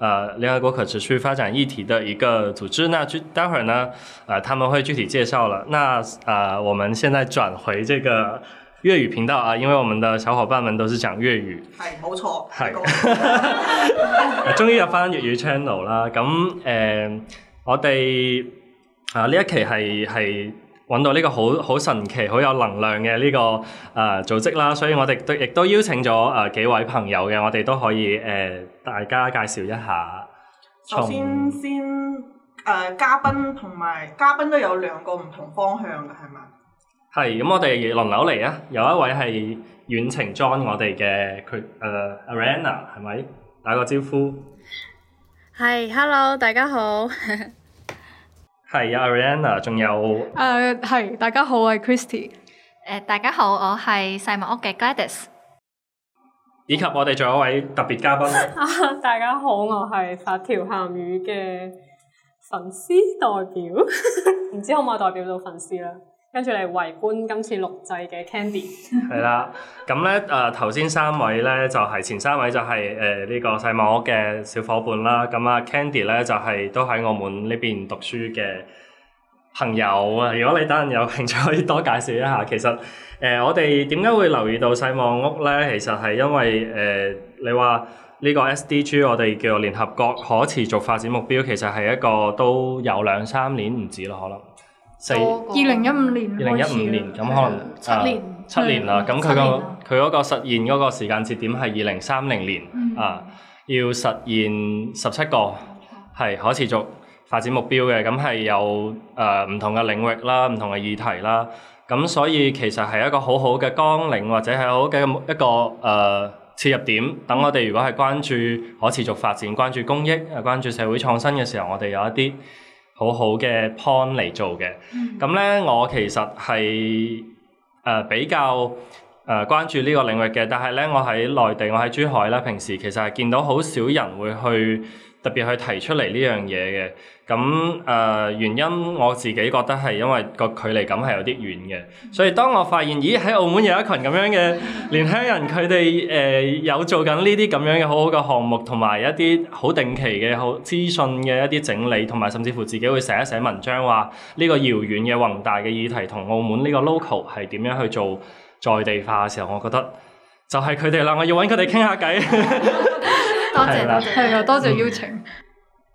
呃，聯、uh, 合國可持續發展議題的一個組織，那待會兒呢，呃，他們會具體介紹了。那呃，我們現在轉回這個粵語頻道啊，因為我們的小伙伴們都是講粵語。係，冇 錯樂。係。終於有翻粵語 channel 啦，咁誒、呃，我哋啊呢一期係係。揾到呢個好好神奇、好有能量嘅呢、這個誒、呃、組織啦，所以我哋亦都，都邀請咗誒、呃、幾位朋友嘅，我哋都可以誒、呃、大家介紹一下。首先先誒、呃、嘉賓同埋嘉賓都有兩個唔同方向嘅係咪？係，咁我哋輪流嚟啊！有一位係遠程 join 我哋嘅佢誒 Arianna 係咪？打個招呼。係，Hello，大家好。 係 Arianna，仲有，誒，係，大家好，我係 Christy，誒，大家好，我係世望屋嘅 Gladys，以及我哋仲有一位特別嘉賓，啊，大家好，我係發條鹹魚嘅粉絲代表，唔 知可唔可以代表到粉絲呢？跟住嚟圍觀今次錄製嘅 Candi、嗯。係啦、 嗯，咁咧誒頭先三位咧就係、是、前三位就係誒呢個世望屋嘅小伙伴啦。咁啊 Candi 咧就係都喺澳門呢邊讀書嘅朋友啊。如果你等陣有興趣，可以多介紹一下。其實誒、呃、我哋點解會留意到世望屋咧？其實係因為誒、呃、你話呢個 SDG，我哋叫做聯合國可持續發展目標，其實係一個都有兩三年唔止啦，可能。二零一五年，二零一五年開始，可能七年、啊、七年啦，咁佢個佢嗰個實現嗰個時間節點係二零三零年、嗯、啊，要實現十七個係可持續發展目標嘅，咁係有誒唔、呃、同嘅領域啦，唔同嘅議題啦，咁所以其實，係一個好好嘅綱領，或者係好嘅一個誒切、呃、入點。等我哋如果係關注可持續發展、關注公益、誒關注社會創新嘅時候，我哋有一啲好好嘅 point 嚟做嘅，咁咧、嗯、我其實係誒、呃、比較誒關注呢個領域嘅，但係咧我喺內地，我喺珠海咧，平時其實係見到好少人會去特別去提出嚟呢樣嘢嘅，咁誒、呃、原因我自己覺得係因為個距離感係有啲遠嘅，所以當我發現咦喺澳門有一群咁樣嘅年輕人，佢哋誒有做緊呢啲咁樣嘅好好嘅項目，同埋一啲好定期嘅好資訊嘅一啲整理，同埋甚至乎自己會寫一寫文章，話、這、呢個遙遠嘅宏大嘅議題同澳門呢個 local 係點樣去做在地化嘅時候，我覺得就係佢哋啦，我要揾佢哋傾下偈。多謝啦，係啊， 多謝邀請。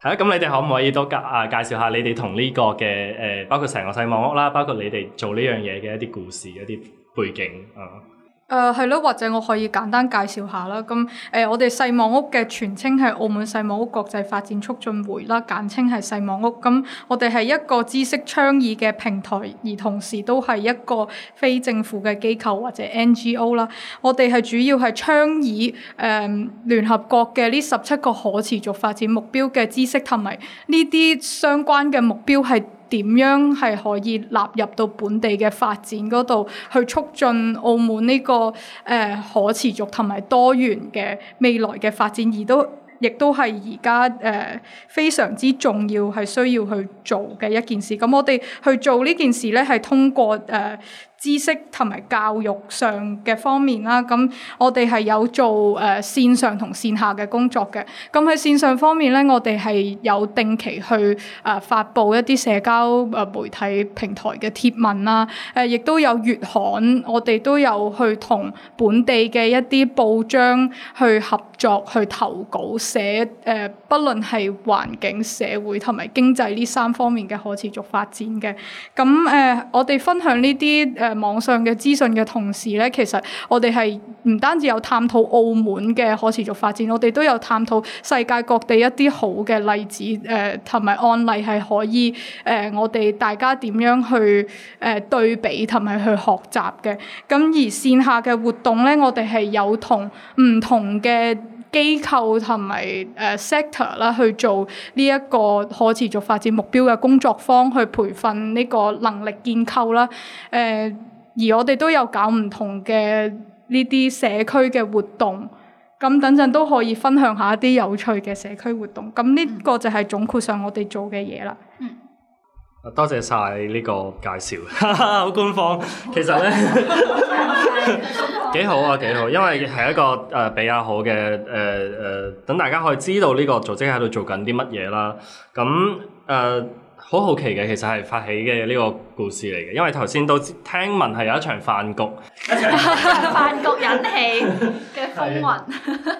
係啊， 咁你哋可唔可以都介啊介紹下你哋同呢個嘅誒，包括成個世望屋啦，包括你哋做呢樣嘢嘅一啲故事， 一啲背景啊？嗯誒係咯，或者我可以簡單介紹下啦。咁、嗯、誒、呃，我哋世望屋嘅全稱係澳門世望屋國際發展促進會啦，簡稱係世望屋。咁、嗯、我哋係一個知識倡議嘅平台，而同時都係一個非政府嘅機構或者 NGO 啦。我哋係主要係倡議誒、嗯、聯合國嘅呢十七個可持續發展目標嘅知識，同埋呢啲相關嘅目標係，點樣係可以納入到本地嘅發展嗰度，去促進澳門呢、這個誒、呃、可持續同埋多元嘅未來嘅發展，而都亦都係而家誒非常之重要係需要去做嘅一件事。咁、嗯、我哋去做呢件事呢，係通過誒。呃知識同埋教育上嘅方面啦，咁我哋係有做誒、呃、線上同線下嘅工作嘅。咁喺線上方面呢，我哋係有定期去誒、呃、發布一啲社交誒媒體平台嘅貼文啦。誒、呃、亦都有月刊，我哋都有去同本地嘅一啲報章去合作去投稿寫誒、呃，不論係環境、社會同埋經濟呢三方面嘅可持續發展嘅。咁誒、呃，我哋分享呢啲誒。呃網上嘅資訊嘅同時呢，其實我哋係唔單止有探討澳門嘅可持續發展，我哋都有探討世界各地一啲好嘅例子誒，呃、同埋案例係可以誒、呃，我哋大家點樣去誒、呃、對比同埋去學習嘅。咁而線下嘅活動呢，我哋係有同唔同嘅機構同埋誒 sector 啦，去做呢一個可持續發展目標嘅工作坊，去培訓呢個能力建構啦。誒、呃，而我哋都有搞唔同嘅呢啲社區嘅活動。咁等陣都可以分享下一啲有趣嘅社區活動。咁呢個就係總括上我哋做嘅嘢啦。嗯。多謝晒呢個介紹， 好官方。其實呢幾 好啊，幾好，因為係一個誒比較好嘅誒誒，等大家可以知道呢個組織喺度做緊啲乜嘢啦。咁誒。呃好好奇嘅，其實係發起嘅呢個故事嚟嘅，因為頭先都聽聞係有一場飯局， 一場飯局引起嘅風雲。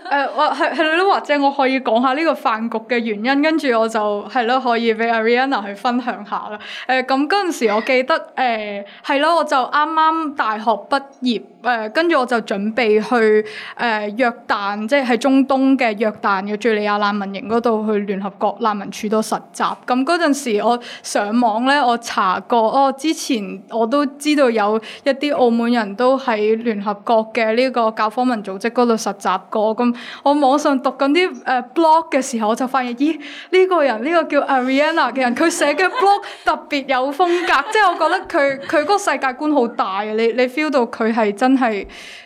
誒，或係係或者我可以講下呢個飯局嘅原因，跟住我就係咯，可以俾 Arianna 去分享下啦。誒，咁嗰陣時我記得誒係咯，我就啱啱大學畢業誒，跟、uh, 住我就準備去誒、uh, 約旦，即係喺中東嘅約旦嘅敘利亞難民營嗰度去聯合國難民處度實習。咁嗰陣時我上網咧，我查過哦，之前我都知道有一啲澳門人都喺聯合國嘅呢個教科文組織嗰度實習過。咁我網上讀緊啲誒 blog 嘅時候，我就發現，咦，呢個人呢個叫 Arianna 嘅人，佢寫嘅 blog 特別有風格，即係我覺得佢佢嗰個世界觀好大啊！你你 feel 到佢係真係。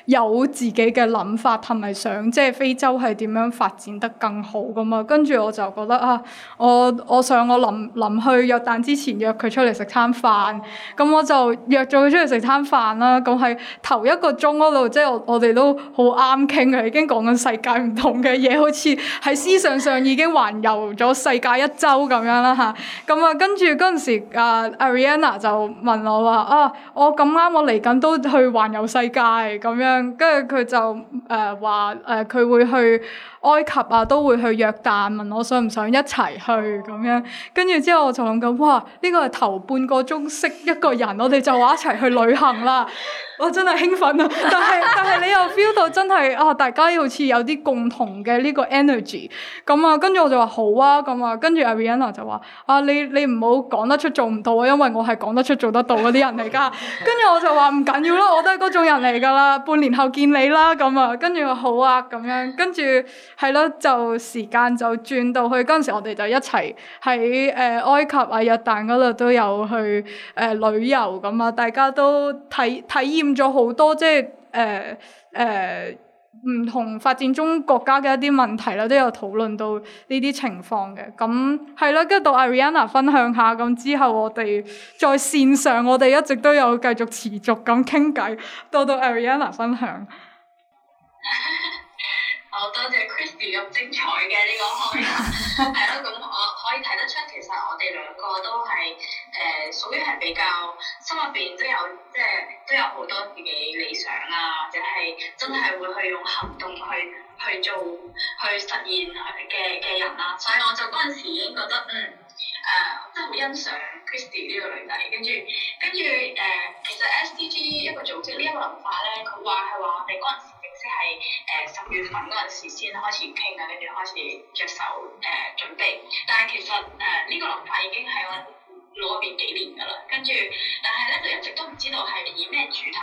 有自己嘅諗法同埋想，即係非洲係點樣發展得更好噶嘛？跟住我就覺得啊，我我想我臨臨去約旦之前約佢出嚟食餐飯，咁我就約咗佢出嚟食餐飯啦。咁喺頭一個鐘度，即係我哋都好啱傾嘅，已經講緊世界唔同嘅嘢，好似喺思想上已經環遊咗世界一周咁樣啦，吓咁啊，跟住陣時啊，Arianna 就問我話啊，我咁啱我嚟緊都去環遊世界咁樣。啊跟住佢就誒話誒，佢、呃呃、會去埃及啊，都會去約旦，問我想唔想一齊去咁樣。跟住之後我就諗緊，哇！呢、這個係頭半個鐘識一個人，我哋就話一齊去旅行啦。 我真係興奮啊！但係但係你又 feel 到真係啊，大家好似有啲共同嘅呢個 energy 咁啊。跟住我就話好啊咁啊。跟住 Arianna 就話啊，你你唔好講得出做唔到啊，因為我係講得出做得到啲人嚟噶。跟住 我就話唔緊要啦，我都係嗰種人嚟㗎啦。半年後見你啦咁啊。跟住話好啊咁樣跟住係咯，就時間就轉到去陣時我哋就一齊喺誒埃及啊、約旦度都有去誒、呃、旅遊咁啊。大家都體體驗。咗好多即係誒誒唔同發展中國家嘅一啲問題啦，都有討論到呢啲情況嘅。咁係啦，跟住到 Arianna 分享下。咁之後我哋在線上，我哋一直都有繼續持續咁傾偈，到到 Arianna 分享。 好多謝 Christy 咁精彩嘅呢個開頭， 係咯，咁我可以睇得出其實我哋兩個都係誒、呃、屬於係比較心入邊都有即係、就是、都有好多自己理想啊，或者係真係會去用行動去去做去實現嘅嘅人啦、啊。所以我就嗰陣時已經覺得嗯誒、呃、真係好欣賞 Christy 呢個女仔，跟住跟住誒其實 SDG 一個組織諗法呢一個文化咧，佢話係話我哋嗰陣時。係誒十月份嗰陣時先開始傾啊，跟住開始着手誒、呃、準備。但係其實誒呢、呃這個諗法已經係我攞咗變幾年㗎啦。跟住，但係咧就一直都唔知道係以咩主題。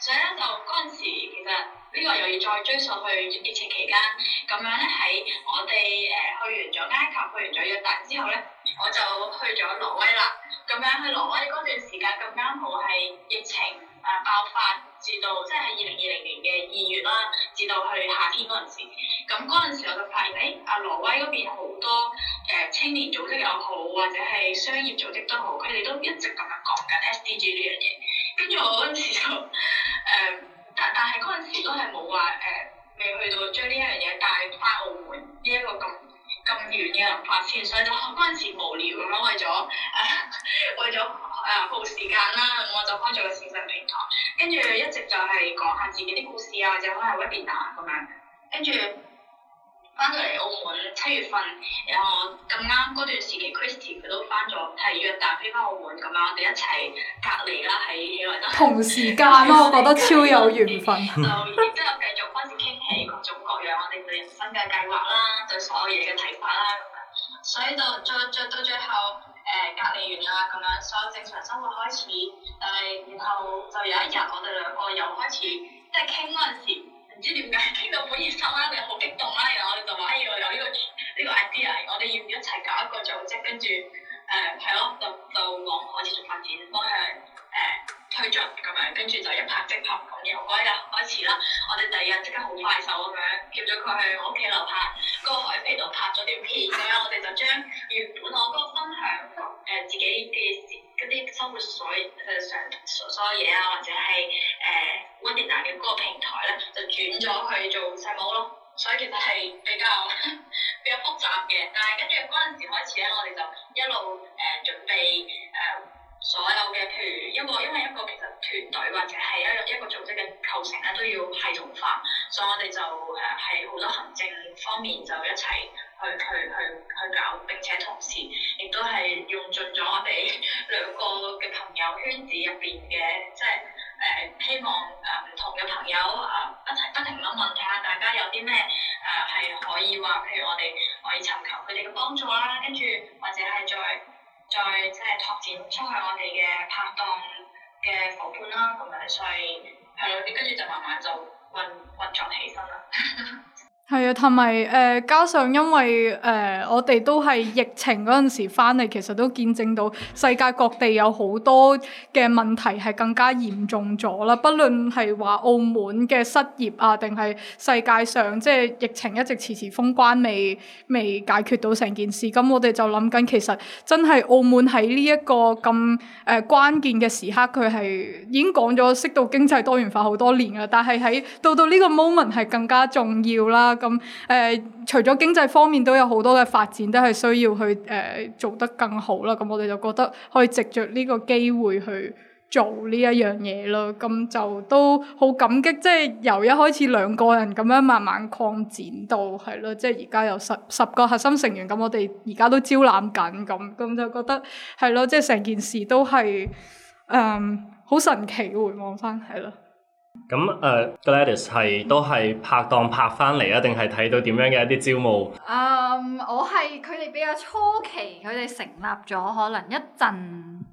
所以咧就嗰陣時其實呢、這個又要再追溯去疫情期間咁樣咧，喺我哋誒去完咗埃及、去完咗約旦之後咧，我就去咗挪威啦。咁樣去挪威嗰段時間咁啱好係疫情。誒、啊、爆發至到即係二零二零年嘅二月啦，至到去夏天嗰陣時，咁嗰陣時我就發現，誒阿挪威嗰邊好多誒、呃、青年組織又好，或者係商業組織都好，佢哋都一直咁樣講緊 SDG 呢樣嘢，跟住我嗰陣時就誒、呃，但但係嗰陣時都係冇話誒，未去到將呢一樣嘢帶翻澳門呢一個咁咁遠嘅文化先，所以就嗰陣時無聊咁樣為咗誒、啊、為咗。誒，無、啊、時間啦，咁我就開咗個線上平台，跟住一直就係講下自己啲故事啊，或者可能 webinar 啊咁樣，跟住翻到嚟澳門七月份，然後咁啱嗰段時期，Christy 佢都翻咗，係約旦飛翻澳門咁啊，我哋一齊隔離啦喺同時間咯、啊，我覺得超有緣分。 就亦都有繼續開始傾起各種各樣 我哋對人生嘅計劃啦，對所有嘢嘅睇法啦咁樣，所以到再再，再到最後。誒、欸，隔離完啦咁樣，所有正常生活開始。但係然後就有一日我哋兩個又開始，即係傾嗰陣時，唔知點解傾到好熱心啦，又好激動啦、啊。然後我哋就話：哎呀、這個，有、這、呢個呢個 idea，我哋要唔要一齊搞一個組織？跟住，誒係咯，就就往可持續發展方向誒、呃、推進咁樣，跟住就一拍即拍，咁，由嗰日開始啦。我哋第二日即刻好快手咁樣，叫咗佢去我屋企樓下嗰個海邊度拍咗啲片咁樣，我哋就將原本我嗰個分享誒、呃、自己嘅啲生活所誒、呃、上所所有嘢啊，或者係誒 v i 嘅嗰個平台咧，就轉咗去做世望咯。所以其實係比較比較複雜嘅，但係跟住嗰陣時開始咧，我哋就一路誒、呃、準備誒、呃、所有嘅，譬如一個因為一個其實團隊或者係一個一個組織嘅構成咧都要系統化，所以我哋就誒喺好多行政方面就一齊去去去去搞，並且同時亦都係用盡咗我哋兩個嘅朋友圈子入邊嘅，即係。誒希望誒唔同嘅朋友誒一齊不停咁問，睇下大家有啲咩誒係可以話，譬如我哋可以尋求佢哋嘅幫助啦，跟住或者係再再即係拓展出去我哋嘅拍檔嘅伙伴啦，咁樣所以係咯，你跟住就慢慢就運運作起身啦。 係啊，同埋誒，加上因為誒、呃，我哋都係疫情嗰陣時翻嚟，其實都見證到世界各地有好多嘅問題係更加嚴重咗啦。不論係話澳門嘅失業啊，定係世界上即係疫情一直遲遲封關未未解決到成件事，咁我哋就諗緊，其實真係澳門喺呢一個咁誒、呃、關鍵嘅時刻，佢係已經講咗識到經濟多元化好多年啦。但係喺到到呢個 moment 係更加重要啦。咁誒、嗯，除咗經濟方面都有好多嘅發展，都係需要去誒、呃、做得更好啦。咁、嗯、我哋就覺得可以藉著呢個機會去做呢一樣嘢咯。咁、嗯、就都好感激，即、就、係、是、由一開始兩個人咁樣慢慢擴展到係咯，即係而家有十十個核心成員咁、嗯，我哋而家都在招攬緊咁。咁、嗯嗯、就覺得係咯，即係成件事都係誒好神奇嘅回望翻，係咯。咁誒、uh,，Gladys 係都係拍檔拍翻嚟啊？定係睇到點樣嘅一啲招募？誒、um,，我係佢哋比較初期，佢哋成立咗可能一陣誒、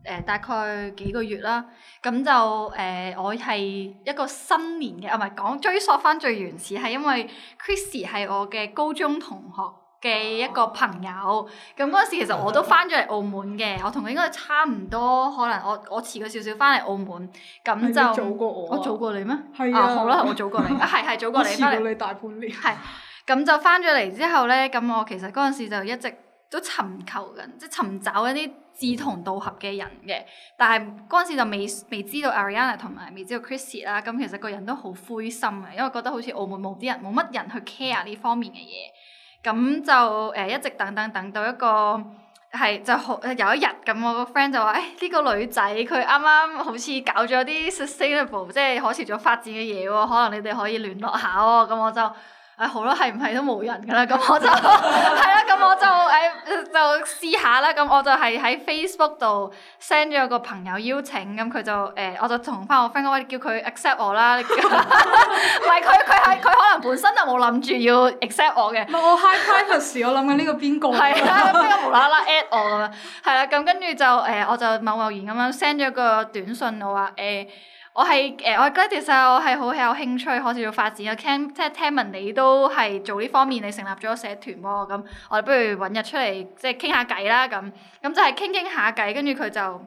呃，大概幾個月啦。咁就誒、呃，我係一個新年嘅，唔係講追溯翻最原始，係因為 Christy 係我嘅高中同學。嘅一個朋友，咁嗰陣時其實我都翻咗嚟澳門嘅，我同佢應該差唔多，可能我我遲咗少少翻嚟澳門，咁就我早過我啊，我早過你咩？啊，啊好啦，我早過你，係係、 啊、早過你翻嚟。遲過你大半年。係，咁就翻咗嚟之後咧，咁我其實嗰陣時就一直都尋求緊，即係尋找一啲志同道合嘅人嘅，但係嗰陣時就未未知道 Arianna 同埋未知道 Christy 啦，咁其實個人都好灰心啊，因為覺得好似澳門冇啲人，冇乜人去 care 呢方面嘅嘢。咁就誒、呃、一直等等等到一個係就好有一日咁，我個 friend 就話：誒呢、呢個女仔佢啱啱好似搞咗啲 sustainable，即係可持續發展嘅嘢喎，可能你哋可以聯絡下喎。咁我就。哎，好咯，係唔係都冇人噶啦？咁我就係啦，咁我就誒就試下啦。咁我就係喺 Facebook 度 send 咗個朋友邀請，咁佢就誒，我就同翻我 friend 講，我叫佢 accept 我啦。唔係佢佢係佢可能本身就冇諗住要 accept 我嘅。唔係我 high privacy，我諗緊呢個邊個，係啊，邊個無啦啦 at 我咁樣？係啦，咁跟住就誒，我就貿貿然咁樣 send 咗個短信我話誒。我係誒，我覺得其實我係好有興趣，可持續發展嘅。聽，即係聽聞你都係做呢方面，你成立咗社團喎。咁我哋不如揾日出嚟，即係傾下偈啦。咁咁就係傾傾下偈，跟住佢就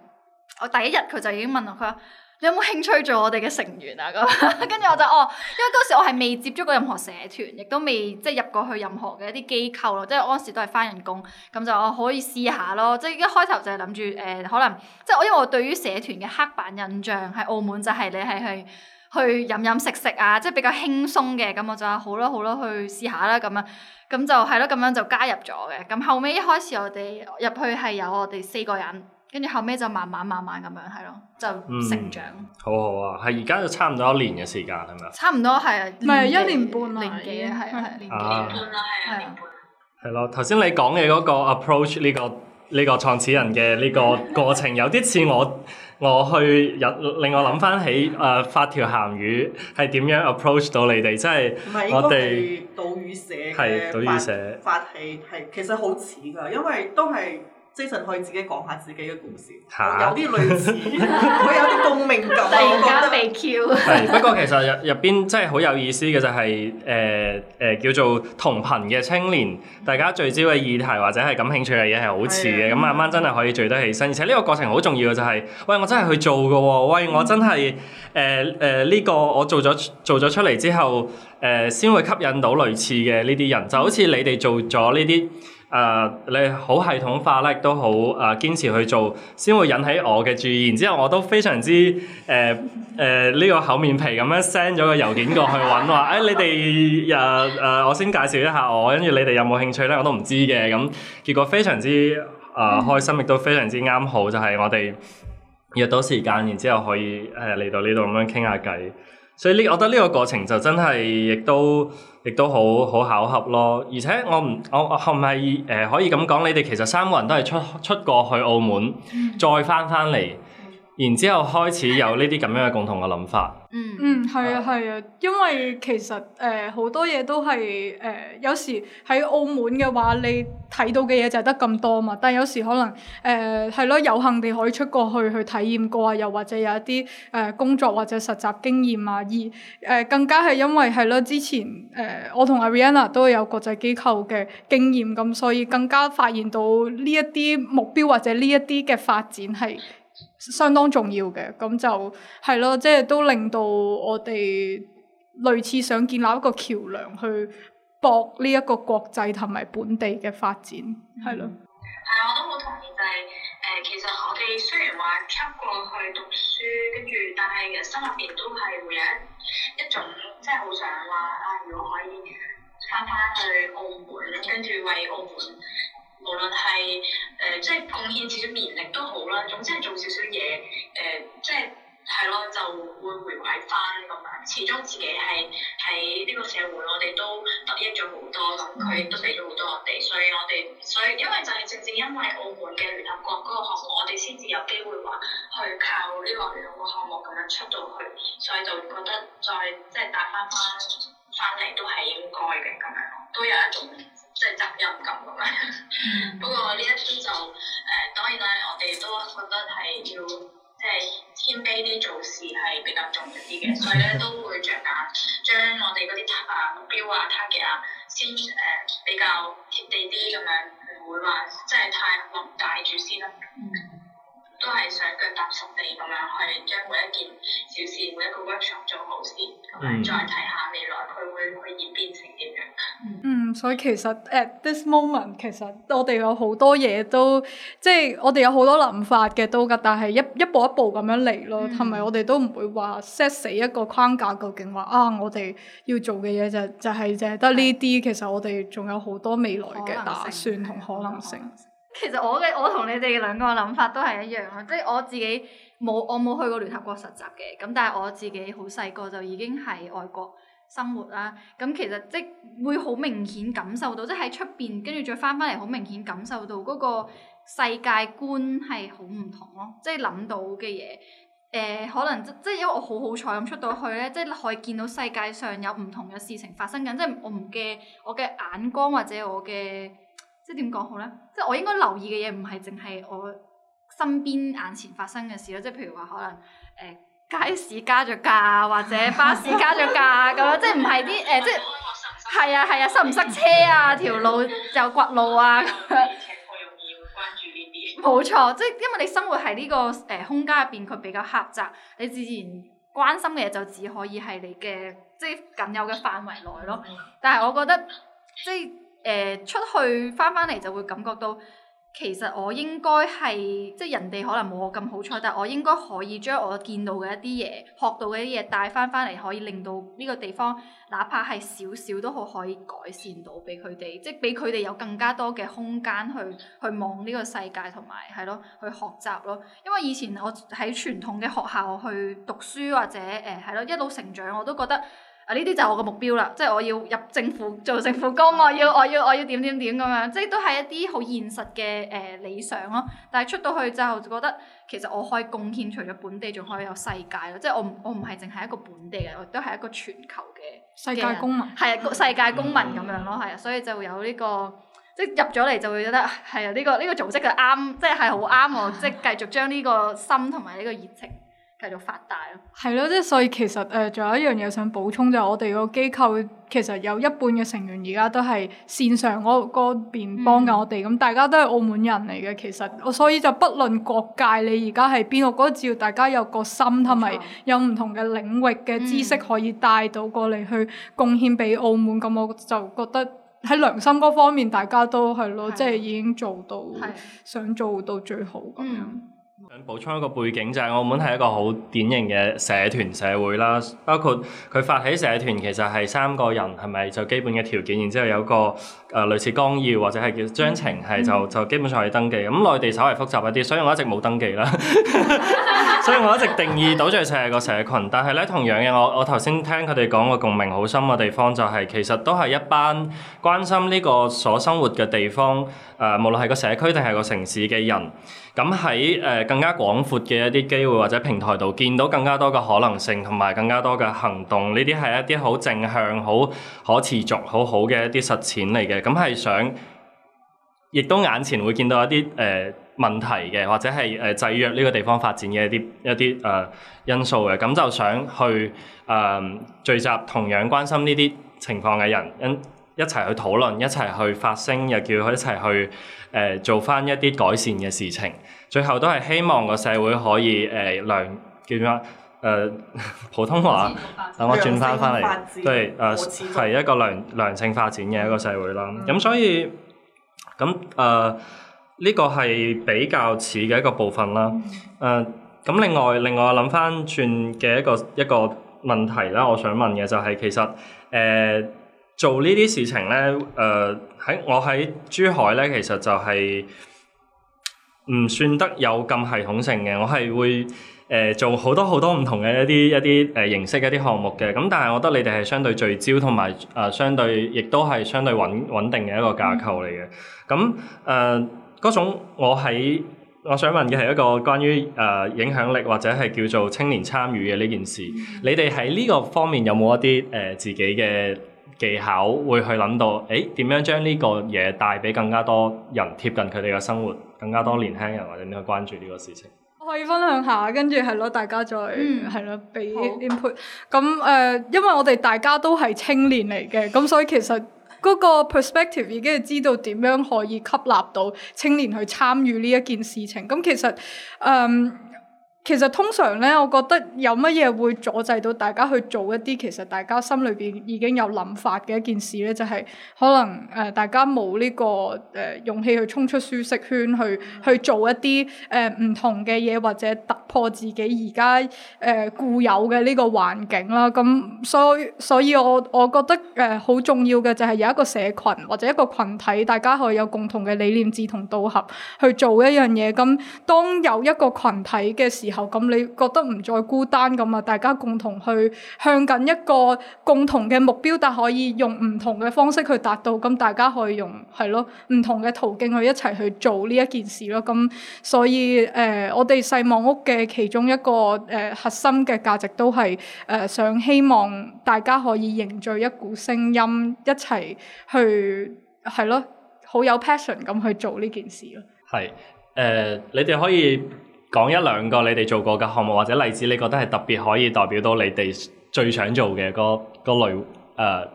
我第一日佢就已經問我，佢話，有冇興趣做我哋嘅成員啊？咁跟住我就哦，因為嗰時我係未接觸過任何社團，亦都未即係入過去任何嘅一啲機構咯。即係我嗰時都係翻人工，咁就、哦、可以試下咯。即係一開頭就係諗住誒，可能即係我因為我對於社團嘅刻板印象喺澳門就係你係去去飲飲食食啊，即係比較輕鬆嘅。咁、嗯、我就話好啦好啦，去試下啦咁啊，咁就係咯，咁樣就加入咗嘅。咁後尾一開始我哋入去係有我哋四個人。跟住後尾就慢慢慢慢咁樣，係咯，就成長。嗯、好好啊，係而家就差唔多一年嘅時間，係咪差唔多係？唔係一年半年嘅，係係一年半，係啊。係咯，頭先、啊、你講嘅嗰個 approach 呢、呢個呢、呢個創始人嘅呢個過程，有啲似我我去有令我諗翻起誒、呃、發條鹹魚係點樣 approach 到你哋，即係我哋島嶼社嘅發發起係其實好似㗎，因為都係。即係可以自己講下自己嘅故事，有啲類似，我有啲共鳴感。突然間被 cue。係不過其實入入邊真係好有意思嘅就係誒誒叫做同頻嘅青年，大家聚焦嘅議題或者係感興趣嘅嘢係好似嘅，咁慢慢真係可以聚得起身。而且呢個過程好重要嘅就係，喂我真係去做嘅喎，喂我真係誒誒呢個我做咗做咗出嚟之後，誒先會吸引到類似嘅呢啲人，就好似你哋做咗呢啲。誒，uh, 你好系統化咧，亦都好誒堅持去做，先會引起我嘅注意。然之後我都非常之誒誒呢個厚面皮咁樣 send 咗個郵件過去揾話、 哎，你哋誒誒，我先介紹一下我，跟住你哋有冇興趣咧，我都唔知嘅。咁、嗯、結果非常之誒、呃、開心，亦都非常之啱好，就係、是、我哋約到時間，然之後可以誒嚟、呃、到呢度咁樣傾下偈。所以呢，我覺得呢個過程就真係亦都。亦都好好巧合咯，而且我唔我我係唔係誒可以咁講，你哋其實三個人都係出出過去澳門，再翻翻嚟。然之後開始有呢啲咁樣嘅共同嘅諗法。嗯嗯，係啊係啊，的的因為其實誒好、呃、多嘢都係誒、呃、有時喺澳門嘅話，你睇到嘅嘢就係得咁多嘛。但有時可能誒係咯，有幸地可以出過去去體驗過啊，又或者有一啲誒、呃、工作或者實習經驗啊。而誒、呃、更加係因為係咯，之前誒、呃、我同 Arianna 都有國際機構嘅經驗，咁所以更加發現到呢一啲目標或者呢一啲嘅發展係相當重要嘅，咁就係咯、啊，即係都令到我哋類似想建立一個橋梁去駁呢一個國際同埋本地嘅發展，係咯、啊。係、嗯，我都好同意，就係、是、誒、呃，其實我哋雖然話出過去讀書，跟住，但係人生入邊都係會有一一種，即係好想話啊，如果可以翻返去澳門，跟住為澳門。無論係誒、呃，即係貢獻少少綿力都好啦，總之係做少少嘢，誒、呃，即係係咯，就會回饋翻咁樣。始終自己係喺呢個社會，我哋都得益咗好多，咁佢亦都俾咗好多我哋，所以我哋，所以因為就係正正因為澳門嘅聯合國嗰個項目，我哋先至有機會話去靠呢個聯合國項目咁樣出到去，所以就覺得再即係帶翻翻翻嚟都係應該嘅咁樣。都有一種即係責任感咁樣，嗯、 不過呢一啲就誒、呃、當然咧，我哋都覺得係要即係謙卑啲做事係比較重要啲嘅， 所以咧都會著眼將我哋嗰啲啊目標啊 target 啊先誒、呃、比較貼地啲咁樣，唔會話即係太宏大住先咯。嗯都係想腳踏實地咁樣去將每一件小事、每一個 workshop 做好先，咁再睇下未來佢會唔會變成點樣。嗯，所以其實 at this moment 其實我哋有好多嘢都，即係我哋有好多諗法嘅都噶，但係一一步一步咁樣嚟咯，同埋、嗯、我哋都唔會話 set 死一個框架，究竟話啊我哋要做嘅嘢就係、就係淨係得呢啲，嗯、其實我哋仲有好多未來嘅打算同可能性。其實我嘅我同你哋兩個諗法都係一樣咯，即係我自己冇我冇去過聯合國實習嘅，咁但係我自己好細個就已經係外國生活啦。咁其實即會好明顯感受到，即喺出邊跟住再翻翻嚟，好明顯感受到嗰個世界觀係好唔同咯。即係諗到嘅嘢，誒可能即即因為我好好彩咁出到去咧，即係可以見到世界上有唔同嘅事情發生緊，即係我唔嘅我嘅眼光或者我嘅。即係點講好咧？即係我應該留意嘅嘢，唔係淨係我身邊眼前發生嘅事咯。即係譬如話可能，誒、呃，街市加咗價或者巴士加咗價咁樣， 即係唔係啲誒，呃、 即係係 啊係啊，啊，塞唔塞車啊？條 路有掘路啊？咁樣。冇錯，即係因為你生活喺呢個誒空間入邊，佢比較狹窄，你自然關心嘅嘢就只可以係你嘅即係僅有嘅範圍內咯。但係我覺得即係。誒、呃、出去返返嚟就會感覺到，其實我應該係即係人哋可能冇我咁好彩，但係我應該可以將我見到嘅一啲嘢，學到嘅一啲嘢帶返返嚟，可以令到呢個地方哪怕係少少都好，可以改善到俾佢哋，即係俾佢哋有更加多嘅空間去去望呢個世界同埋係咯，去學習咯。因為以前我喺傳統嘅學校去讀書或者誒係咯一路成長，我都覺得。啊！呢啲就我嘅目標啦，即係我要入政府做政府工，我要我要我要點點點咁樣，即係都係一啲好現實嘅誒、呃、理想咯。但係出到去之後就覺得其實我可以貢獻，除咗本地仲可以有世界咯，即係我我唔係淨係一個本地嘅，我都係一個全球嘅世界公民，係啊，世界公民咁樣咯，係啊，所以就有呢、呢個即係入咗嚟就會覺得係啊，呢、呢個呢、呢個組織嘅啱，即係係好啱我， 即係繼續將呢個心同埋呢個熱情。繼續發大咯，係咯，即 係所以其實誒，仲、呃、有一樣嘢想補充就係、是、我哋個機構其實有一半嘅成員而家都係線上我嗰邊幫緊我哋。咁、嗯、大家都係澳門人嚟嘅，其實我所以就不論國界你而家係邊，我覺得只要大家有個心錯有同埋有唔同嘅領域嘅知識可以帶到過嚟去貢獻俾澳門，咁、嗯、我就覺得喺良心嗰方面大家都係咯，即係、嗯、已經做到、嗯、的想做到最好咁樣。嗯補充一個背景，就係、是、澳門係一個好典型嘅社團社會啦。包括佢發起社團，其實係三個人，係咪就基本嘅條件？然之後有個誒、呃、類似綱要或者係叫章程，係、嗯、就就基本上係登記咁。內地稍為複雜一啲，所以我一直冇登記啦。 所以我一直定義到最細個社群。但係咧，同樣嘅我我頭先聽佢哋講個共鳴好深嘅地方，就係、是、其實都係一班關心呢個所生活嘅地方。誒，無論係個社區定係個城市嘅人，咁喺誒更加廣闊嘅一啲機會或者平台度，見到更加多嘅可能性同埋更加多嘅行動，呢啲係一啲好正向、好可持續、好好嘅一啲實踐嚟嘅。咁係想，亦都眼前會見到一啲誒、呃、問題嘅，或者係誒制約呢個地方發展嘅一啲一啲誒、呃、因素嘅，咁就想去誒、呃、聚集同樣關心呢啲情況嘅人。一齊去討論，一齊去發聲，又叫佢一齊去誒、呃、做翻一啲改善嘅事情。最後都係希望個社會可以誒良、呃、叫咩誒、呃、普通話。等我轉翻翻嚟，對誒係、呃、一個良良性發展嘅一個社會啦。咁、嗯、所以咁誒呢個係比較似嘅一個部分啦。誒咁、嗯呃、另外另外諗翻轉嘅一個一個問題啦，我想問嘅就係其實誒。呃嗯做呢啲事情咧，誒、呃、喺我喺珠海咧，其實就係唔算得有咁系統性嘅，我係會誒、呃、做好多好多唔同嘅一啲一啲誒形式一啲項目嘅。咁但係我覺得你哋係相對聚焦同埋誒相對亦都係相對穩穩定嘅一個架構嚟嘅。咁誒嗰種我喺我想問嘅係一個關於誒、呃、影響力或者係叫做青年參與嘅呢件事，嗯、你哋喺呢個方面有冇一啲誒、呃、自己嘅技巧會去諗到，誒、欸、點樣將呢個嘢帶俾更加多人貼近佢哋嘅生活，更加多年輕人或者點樣去關注呢個事情？我可以分享下，跟住係咯，大家再係咯俾 input 好。咁誒、呃，因為我哋大家都係青年嚟嘅，咁所以其實嗰個 perspective 已經係知道點樣可以吸納到青年去參與呢一件事情。咁其實，嗯、呃。其實通常咧，我覺得有乜嘢會阻滯到大家去做一啲其實大家心裏邊已經有諗法嘅一件事咧，就係、是、可能誒、呃、大家冇呢、這個誒、呃、勇氣去衝出舒適圈，去去做一啲誒唔同嘅嘢，或者突破自己而家誒固有嘅呢個環境啦。咁、嗯、所以所以我我覺得誒好、呃、重要嘅就係有一個社群或者一個群體大家可以有共同嘅理念，志同道合去做一樣嘢。咁、嗯、當有一個群體嘅時候，咁你覺得唔再孤單咁啊？大家共同去向緊一個共同嘅目標，但可以用唔同嘅方式去達到。咁大家可以用係咯，唔同嘅途徑去一齊去做呢一件事咯。咁所以誒、呃，我哋世望屋嘅其中一個誒、呃、核心嘅價值都係誒、呃，想希望大家可以凝聚一股聲音，一齊去係咯，好有 passion 咁去做呢件事咯。係誒、呃，你哋可以。講一兩個你哋做過嘅項目或者例子，你覺得係特別可以代表到你哋最想做嘅嗰嗰類、呃、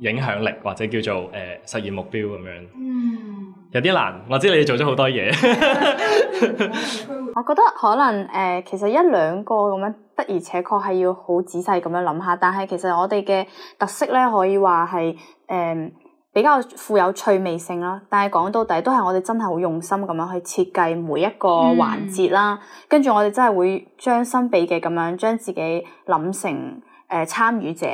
影響力，或者叫做誒、呃、實現目標咁樣。嗯，有啲難。我知你哋做咗好多嘢， 我覺得可能誒、呃，其實一兩個咁樣，得而且確係要好仔細咁樣諗下。但係其實我哋嘅特色咧，可以話係誒、呃比較富有趣味性啦，但係講到底都係我哋真係好用心咁樣去設計每一個環節啦，嗯、跟住我哋真係會將心比己咁樣，將自己諗成誒、呃、參與者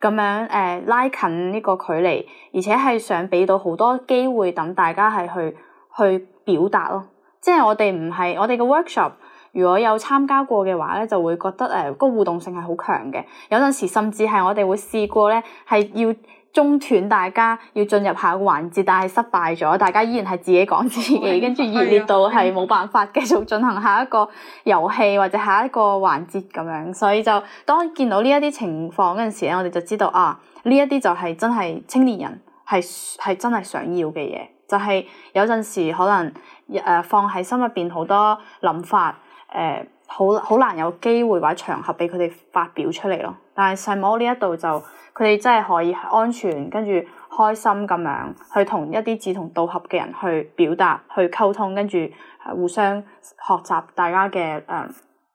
咁樣誒、呃、拉近呢個距離，而且係想俾到好多機會，等大家係去去表達咯。即係我哋唔係我哋嘅 workshop，如果有參加過嘅話咧，就會覺得誒、呃個互動性係好強嘅，有陣時甚至係我哋會試過咧係要。中斷大家要進入下一個環節，但係失敗咗，大家依然係自己講自己，跟住熱烈到係冇辦法繼續進行下一個遊戲或者下一個環節咁樣。所以就當見到呢一啲情況嗰陣時咧，我哋就知道啊，呢一啲就係真係青年人係係真係想要嘅嘢，就係、是、有陣時可能誒、呃、放喺心入邊好多諗法，誒好好難有機會或者場合俾佢哋發表出嚟咯。但係世望屋呢一度就。佢哋真係可以係安全，跟住開心咁樣去同一啲志同道合嘅人去表達、去溝通，跟住互相學習大家嘅誒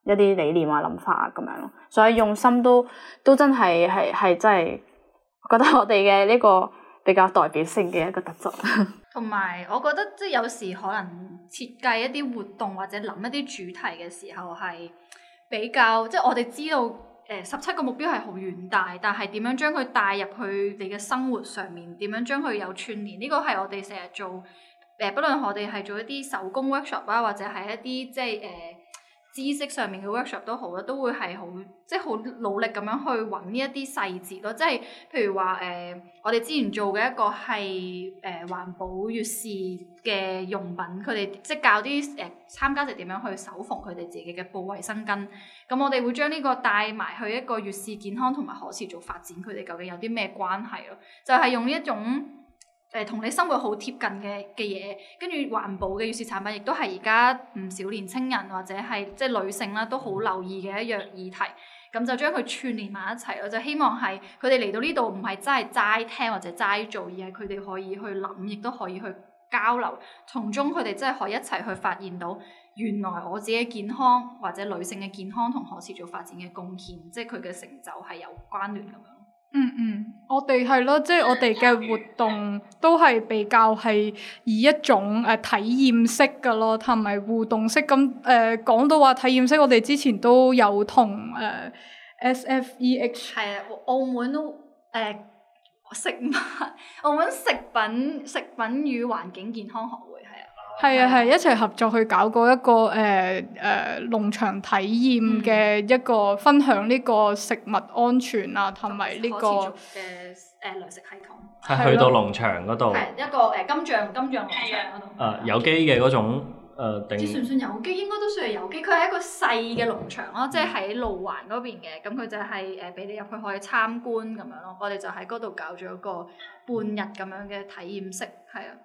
一啲理念啊、諗法啊咁樣咯。所以用心都都真係係係真係覺得我哋嘅呢個比較代表性嘅一個特質。同埋我覺得即係有時可能設計一啲活動或者諗一啲主題嘅時候係比較即係、就是、我哋知道。誒十七個目標係好遠大，但係點樣將佢帶入去你嘅生活上面？點樣將佢有串連？呢個係我哋成日做誒，不論我哋係做一啲手工 workshop 啊，或者係一啲即係誒。呃知識上面嘅 workshop 都好啦，都會係好即係好努力咁樣去揾呢一啲細節咯，即係譬如話誒、呃，我哋之前做嘅一個係誒、呃、環保月事嘅用品，佢哋即係教啲誒、呃、參加者點樣去手縫佢哋自己嘅布衛生巾，咁我哋會將呢個帶埋去一個月事健康同埋可持續發展，佢哋究竟有啲咩關係咯，就係、是、用呢一種。誒同你生活好貼近嘅嘅嘢，跟住環保嘅月事產品，亦都係而家唔少年青人或者係即係女性啦，都好留意嘅一樣議題。咁就將佢串聯埋一齊，我就希望係佢哋嚟到呢度唔係真係齋聽或者齋做，而係佢哋可以去諗，亦都可以去交流，從中佢哋真係可以一齊去發現到原來我自己嘅健康或者女性嘅健康同可持續發展嘅貢獻，即係佢嘅成就係有關聯。嗯嗯，我哋係咯，即係我哋嘅活動都係比較係以一種誒、呃、體驗式嘅咯，同埋互動式。咁、呃、誒講到話體驗式，我哋之前都有同誒 SFEH 係啊，呃 S F e HS F E H、澳門都誒、呃、食物，澳門食品食品與環境健康學會。係啊，係一齊合作去搞過一個誒誒、呃呃、農場體驗嘅一個分享，呢個食物安全啊，同埋呢個嘅誒糧食系統。係、呃呃、去到農場嗰度，係一個誒、呃、金像、金像、農場度，誒、啊、有機嘅嗰種誒。自、呃、純算唔算有機應該都算係有機，佢係一個細嘅農場咯，嗯、即係喺路環嗰邊嘅。咁佢就係誒俾你入去可以參觀咁樣咯。我哋就喺嗰度搞咗一個半日咁樣嘅體驗式，係啊，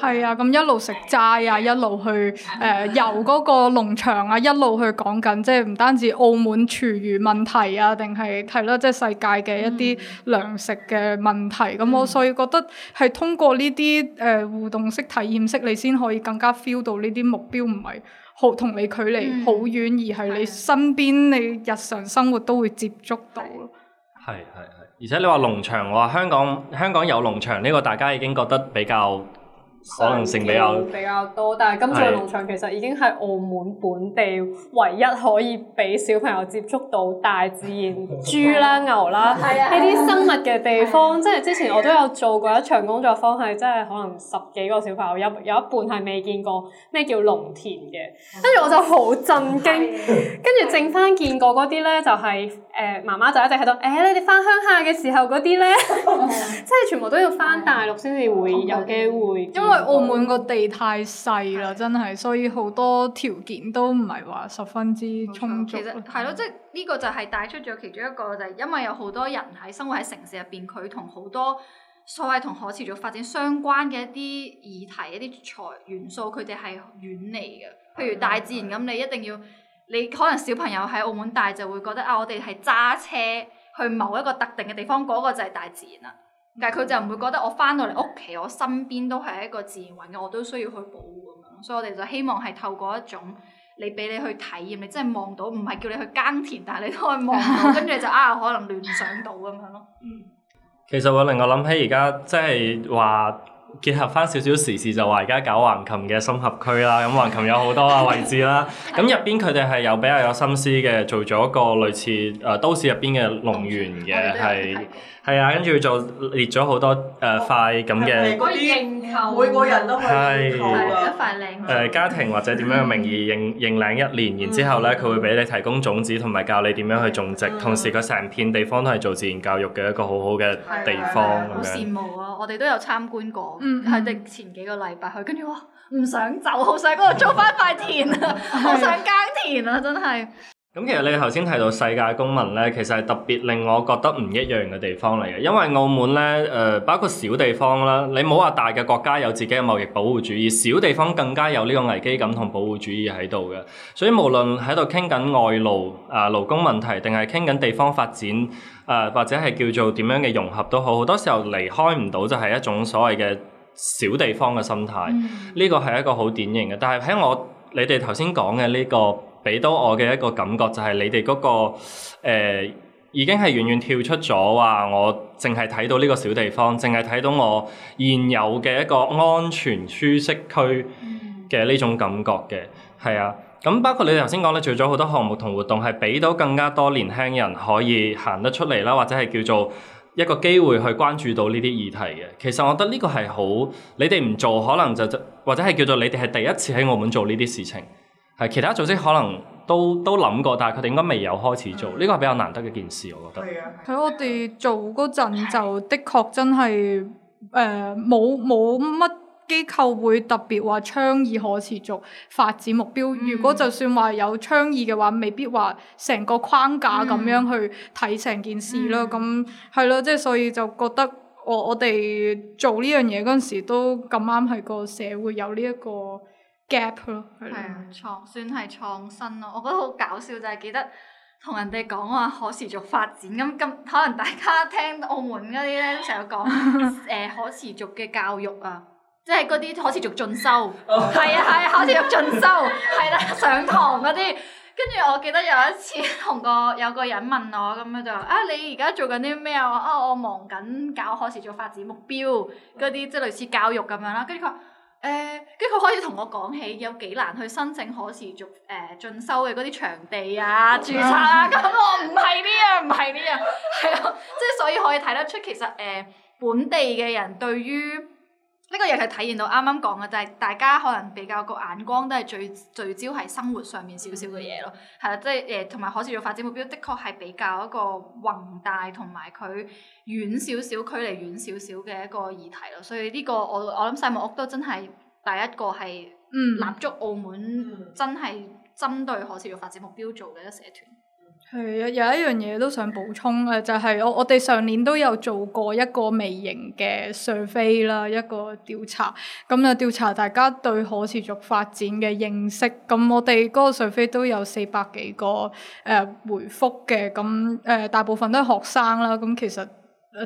係 啊，咁一路食齋啊，一路去誒、呃、 遊嗰個農場啊，一路去講緊即係唔單止澳門廚餘問題啊，定係係咯，即係世界嘅一啲糧食嘅問題。咁、嗯、我所以覺得係通過呢啲誒互動式體驗式，你先可以更加 feel 到呢啲目標唔係好同你距離好遠，嗯、而係你身邊你日常生活都會接觸到。係係。而且你話農場，我話香港香港有農場呢個，大家已經覺得比較可能性比較比較多，但係今次嘅農場其實已經係澳門本地唯一可以俾小朋友接觸到大自然豬啦 牛啦呢啲生物嘅地方。即係的之前我都有做過一場工作坊，係即係可能十幾個小朋友有有一半係未見過咩叫農田嘅，跟住的我就好震驚，跟住的 剩翻見過嗰啲咧就係、是。誒、呃、媽媽就一直喺度，誒、欸、你哋返鄉下嘅時候嗰啲咧， 即係全部都要返大陸先至會有機會。因為澳門個地太細啦，嗯、真係，所以好多條件都唔係話十分之充足。其實係咯，即係呢個就係帶出咗其中一個，就係、是、因為有好多人喺生活喺城市入邊，佢同好多所謂同可持續發展相關嘅一啲議題、一啲材元素，佢哋係遠離嘅。譬如大自然咁，對對你一定要。你可能小朋友喺澳門大就會覺得啊，我哋係揸車去某一個特定嘅地方，嗰、那個就係大自然啦。但係佢就唔會覺得我翻到嚟屋企，我身邊都係一個自然環境，我都需要去保護咁樣。所以我哋就希望係透過一種你俾你去體驗，你真係望到，唔係叫你去耕田，但係你都可以望到，跟住 就啊可能聯想到咁樣咯。 嗯，其實會令我諗起而家即係話。就是結合翻少少時事就話而家搞橫琴嘅深合區啦，咁橫琴有好多啊位置啦，咁入邊佢哋係有比較有心思嘅，做咗一個類似誒都市入邊嘅農園嘅，係係啊，跟住做列咗好多誒塊咁嘅。啲認購每個人都係係一塊領，誒家庭或者點樣嘅名義認認領一年，然之後咧佢會俾你提供種子同埋教你點樣去種植，同時佢成片地方都係做自然教育嘅一個好好嘅地方咁樣。好羨慕啊！我哋都有參觀過。嗯，係，即前幾個禮拜去，跟住哇，唔想走，好想嗰度租翻塊田啊，好 想耕田啊，真係。咁其實你頭先提到世界公民咧，其實係特別令我覺得唔一樣嘅地方嚟嘅，因為澳門咧，誒包括小地方啦，你冇話大嘅國家有自己嘅貿易保護主義，小地方更加有呢個危機感同保護主義喺度嘅，所以無論喺度傾緊外勞啊勞工問題，定係傾緊地方發展誒，或者係叫做點樣嘅融合都好，好多時候離開唔到就係一種所謂嘅小地方嘅心態，呢個係一個好典型嘅。但係喺我你哋頭先講嘅呢個。俾到我嘅一個感覺就係你哋嗰、嗰個、呃、已經係遠遠跳出咗話，我淨係睇到呢個小地方，淨係睇到我現有嘅一個安全舒適區嘅呢種感覺嘅，係啊、嗯。咁包括你頭先講咧，做咗好多項目同活動，係俾到更加多年輕人可以行得出嚟啦，或者係叫做一個機會去關注到呢啲議題嘅。其實我覺得呢個係好，你哋唔做可能就或者係叫做你哋係第一次喺澳門做呢啲事情，係其他組織可能都都諗過，但係佢哋應該未有開始做，呢個係比較難得嘅件事，我覺得。係啊。喺我哋做嗰陣就的確真係誒冇冇乜機構會特別話倡議可持續發展目標。嗯、如果就算話有倡議嘅話，未必話成個框架咁樣去睇成件事咯。咁係咯，即係所以就覺得我我哋做呢樣嘢嗰陣時都咁啱係個社會有呢、這、一個。gap 咯，係啊，創算係創新咯。我覺得好搞笑就係、是、記得同人哋講話可持續發展咁咁，可能大家聽澳門嗰啲咧成日講誒可持續嘅教育啊，即係嗰啲可持續進修，係啊係啊，可持續進修，係啦 上堂嗰啲。跟住我記得有一次同個有個人問我咁樣就話啊，你而家做緊啲咩啊？我話啊，我忙緊搞可持續發展目標嗰啲，即係類似教育咁樣啦。跟住佢。誒，跟住佢、呃、開始同我講起有幾難去申請可持續誒進修嘅嗰啲場地啊、註冊啊，咁 我唔係呢樣，唔係呢樣，係咯， 即係所以可以睇得出其實誒、呃、本地嘅人對於。呢個又係體現到啱啱講嘅，就係、是、大家可能比較個眼光都係聚聚焦係生活上面少少嘅嘢咯，係啦、嗯，即係誒同埋可持續發展目標，的確係比較一個宏大同埋佢遠少少距離遠少少嘅一個議題咯。所以呢、這個我我諗世望屋都真係第一個係立足澳門真係針對可持續發展目標做嘅一個社團。係有有一樣嘢都想補充嘅，就係、是、我我哋上年都有做過一個微型嘅 survey 啦，一個調查。咁啊，調查大家對可持續發展嘅認識。咁我哋嗰個 survey 都有四百幾個誒、呃、回覆嘅。咁誒、呃、大部分都係學生啦。咁其實。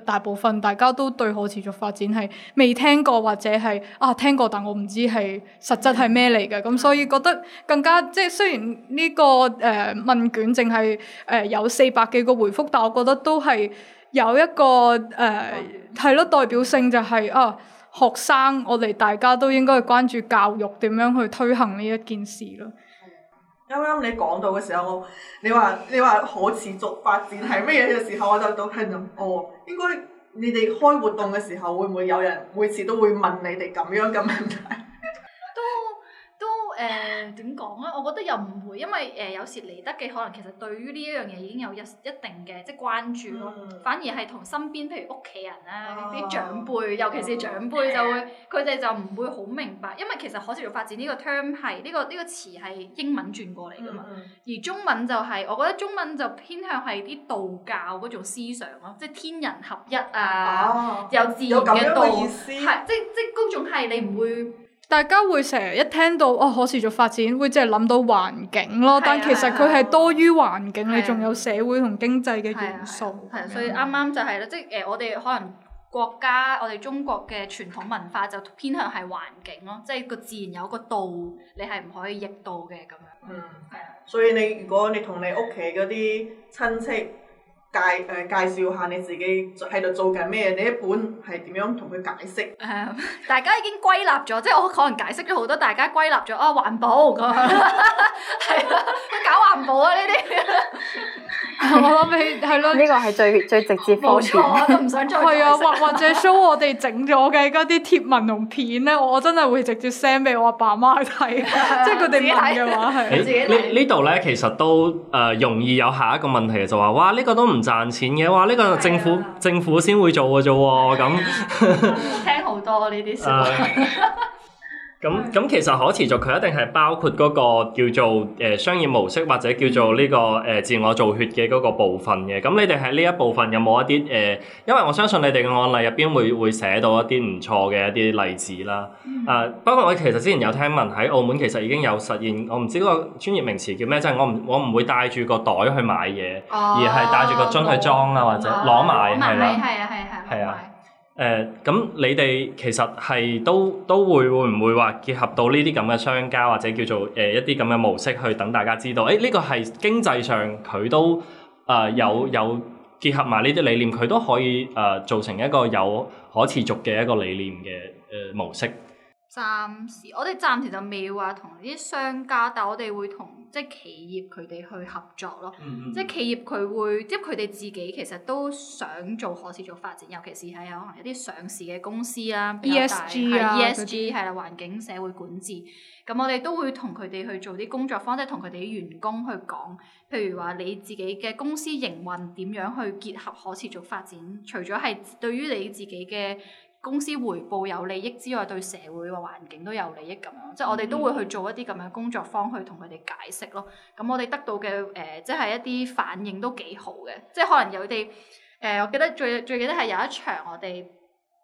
大部分大家都對可持續發展係未聽過，或者係啊聽過，但我唔知係實質係咩嚟嘅，咁的所以覺得更加即係雖然呢、這個誒、呃、問卷淨係誒有四百幾個回覆，但我覺得都係有一個誒係咯代表性就係、是、啊學生，我哋大家都應該去關注教育點樣去推行呢一件事咯。啱啱你講到嘅時候，我你話你話可持續發展係咩嘢嘅時候，我就都係諗。哦，應該你哋開活動嘅時候，會唔會有人每次都會問你哋咁樣嘅問題？誒點講啊？我覺得又唔會，因為誒、呃、有時嚟得嘅可能其實對於呢一樣嘢已經有一一定嘅即係關注咯。嗯、反而係同身邊譬如屋企人啊、啲、啊、長輩，尤其是長輩、嗯、就會，佢哋就唔會好明白，因為其實可持續發展呢個 term 係呢、呢個呢、呢個詞係英文轉過嚟噶嘛。嗯嗯、而中文就係、是、我覺得中文就偏向係啲道教嗰種思想咯，即、就、係、是、天人合一啊，啊啊有自然嘅道、啊，係即即嗰種係你唔會。哦啊大家會成日一聽到哦可持續發展，會即係諗到環境咯。啊、但其實佢係多於環境，你仲、啊、有社會同經濟嘅元素。係、啊啊啊啊，所以啱啱就係、是、啦，即係誒，我哋可能國家，我哋中國嘅傳統文化就偏向係環境咯，即係個自然有個度，你係唔可以逆到嘅咁樣。嗯，係啊。所以你如果你同你屋企嗰啲親戚。介誒介紹下你自己喺度做緊咩？你一本係點樣同佢解釋？誒，大家已經歸納咗，即係我可能解釋咗好多，大家歸納咗啊，環保咁樣，係啊，搞環保啊呢啲，我諗咪係咯。呢個係最最直接冇錯，我唔想再解釋。係啊，或或者 show 我哋整咗嘅嗰啲貼文同片咧，我真係會直接 send 俾我阿爸阿媽去睇，即係佢哋問嘅話係。你自己呢呢度咧，其實都誒容易有下一個問題嘅，就話哇呢個都唔賺錢嘅，哇！呢個政府了政府先會做嘅啫喎，咁聽好多呢啲。 咁咁其實可持續佢一定係包括嗰個叫做誒商業模式或者叫做呢個誒自我造血嘅嗰個部分嘅。咁你哋喺呢一部分有冇一啲誒？因為我相信你哋嘅案例入邊會會寫到一啲唔錯嘅一啲例子啦。啊，包括我其實之前有聽聞喺澳門其實已經有實現，我唔知嗰個專業名詞叫咩，即係我唔我唔會帶住個袋去買嘢，而係帶住個樽去裝啊，或者攞埋。係啦。啊係係啊。誒咁，uh, 你哋其實係都都會會唔會話結合到呢啲咁嘅商家，或者叫做誒一啲咁嘅模式去等大家知道？誒、哎、呢、這個係經濟上佢都啊、uh, 有有結合埋呢啲理念，佢都可以誒、uh, 做成一個有可持續嘅一個理念嘅誒模式。暫時我哋暫時就未話同啲商家，但我哋會同。即係企業佢哋去合作咯，mm hmm. 即係企業佢會，即係佢哋自己其實都想做可持續發展，尤其是係可能一啲上市嘅公司啊、比較大，係 ESG 係啦，環境社會管治。咁我哋都會同佢哋去做啲工作方式，即係同佢哋啲員工去講，譬如話你自己嘅公司營運點樣去結合可持續發展，除咗係對於你自己嘅公司回報有利益之外，對社會嘅環境都有利益咁樣，即係我哋都會去做一啲咁嘅工作方去同佢哋解釋咯。咁我哋得到嘅誒、呃，即係一啲反應都幾好嘅，即係可能有啲誒、呃，我記得最最記得係有一場我哋。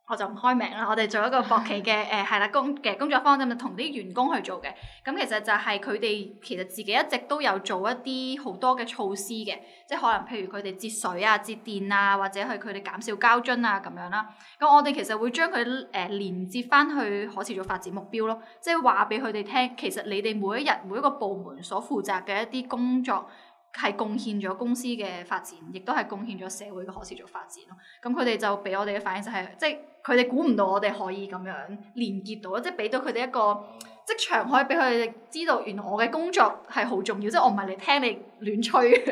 我就唔開名啦，我哋做一個博企嘅誒係啦工嘅工作坊咁，同啲員工去做嘅。咁其實就係佢哋其實自己一直都有做一啲好多嘅措施嘅，即係可能譬如佢哋節水啊、節電啊，或者係佢哋減少膠樽啊咁樣啦。咁我哋其實會將佢誒連接翻去可持續發展目標咯，即係話俾佢哋聽，其實你哋每一日每一個部門所負責嘅一啲工作，係貢獻咗公司嘅發展，亦都係貢獻咗社會嘅可持續發展咯。咁佢哋就俾我哋嘅反應就係，即係佢哋估唔到我哋可以咁樣連結到，即係俾到佢哋一個職場可以俾佢哋知道，原來我嘅工作係好重要，即係我唔係嚟聽你亂吹，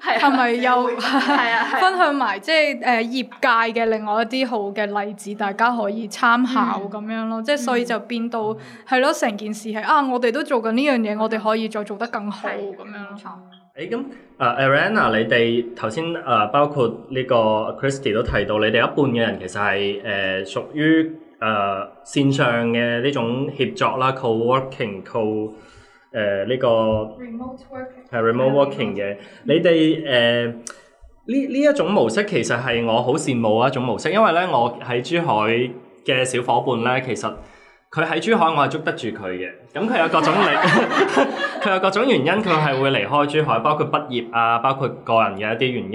係咪又係啊，分享埋即係誒業界嘅另外一啲好嘅例子，大家可以參考咁樣咯。即係所以就變到係咯，成件事係啊，我哋都做緊呢樣嘢，我哋可以再做得更好咁樣咯。誒，咁啊、hey, uh,，Arianna，你哋頭先誒，hmm. 包括呢個 Christy 都提到，mm hmm. 你哋一半嘅人其實係誒，屬於誒線上嘅呢種協作啦，co-working，co 誒、uh, 呢個係 remote working 嘅、啊。Working 你哋誒呢呢一種模式，其實係我好羨慕一種模式，因為咧我喺珠海嘅小伙伴咧，其實。佢喺珠海，我係捉得住佢嘅。咁佢有各種離，佢 有各種原因，佢係會離開珠海，包括畢業啊，包括個人嘅一啲原因。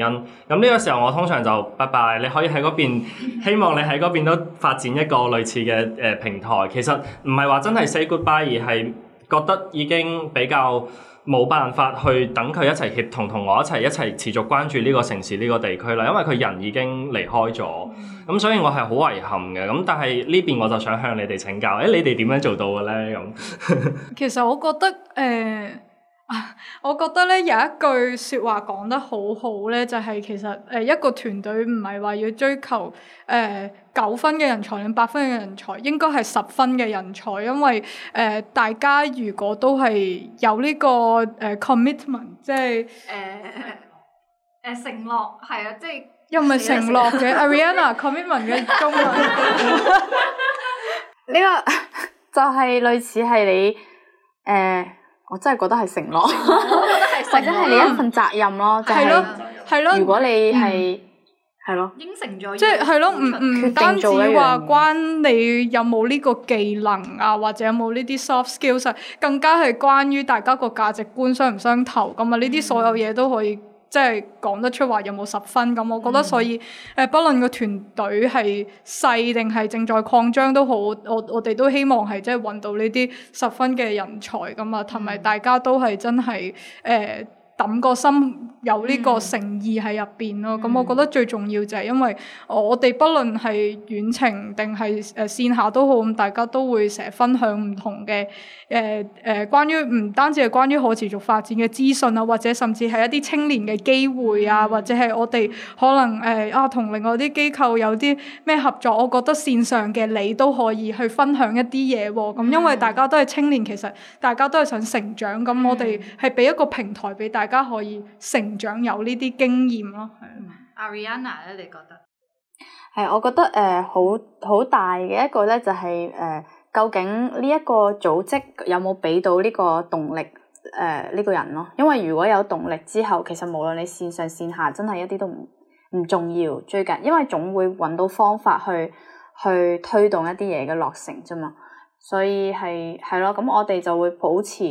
咁呢個時候，我通常就拜拜。你可以喺嗰邊，希望你喺嗰邊都發展一個類似嘅誒平台。其實唔係話真係 say goodbye，而係覺得已經比較。冇辦法去等佢一齊協同，同我一齊一齊持續關注呢個城市、呢個地區啦，因為佢人已經離開咗，咁所以我係好遺憾嘅。咁但係呢邊我就想向你哋請教，誒、欸、你哋點樣做到嘅咧？咁 其實我覺得誒。呃 我覺得咧有一句説話講得好好咧，就係、是、其實誒、呃、一個團隊唔係話要追求誒九、呃、分嘅人才、定八分嘅人才，應該係十分嘅人才，因為誒、呃、大家如果都係有呢、這個誒、呃、commitment，即係誒誒承諾，係啊，即、就、係、是、又唔係承諾嘅 Arianna commitment 嘅 中文呢 個就係類似係你誒。呃我真係覺得係承諾，或者係你一份責任咯。係、就、咯、是，係咯。如果你係係咯，應承咗，即係係咯。唔唔、就是嗯嗯、單止話關你有冇呢個技能啊，或者有冇呢啲 soft skills、啊，更加係關於大家個價值觀相唔相投㗎嘛！呢啲、嗯、所有嘢都可以。即係講得出話有冇十分咁，我覺得所以誒、嗯呃，不論個團隊係細定係正在擴張都好，我我哋都希望係即係搵到呢啲十分嘅人才咁啊，同埋大家都係真係誒抌個心有呢個誠意喺入邊咯。咁、嗯、我覺得最重要就係因為、呃、我哋不論係遠程定係誒線下都好，大家都會成日分享唔同嘅。誒誒、呃，關於唔單止係關於可持續發展嘅資訊啊，或者甚至係一啲青年嘅機會啊，或者係我哋可能誒、呃、啊，同另外啲機構有啲咩合作，我覺得線上嘅你都可以去分享一啲嘢喎。咁、嗯嗯、因為大家都係青年，其實大家都係想成長，咁、嗯嗯、我哋係俾一個平台俾大家可以成長，有呢啲經驗咯。嗯、Arianna 咧，你覺得？係，我覺得誒、呃、好好大嘅一個咧、就是，就係誒。究竟呢一個組織有冇俾到呢個動力？誒、呃、呢、呢個人咯，因為如果有動力之後，其實無論你線上線下，真係一啲都唔唔重要，最近，因為總會揾到方法去去推動一啲嘢嘅落成啫嘛。所以係係咯，咁我哋就會保持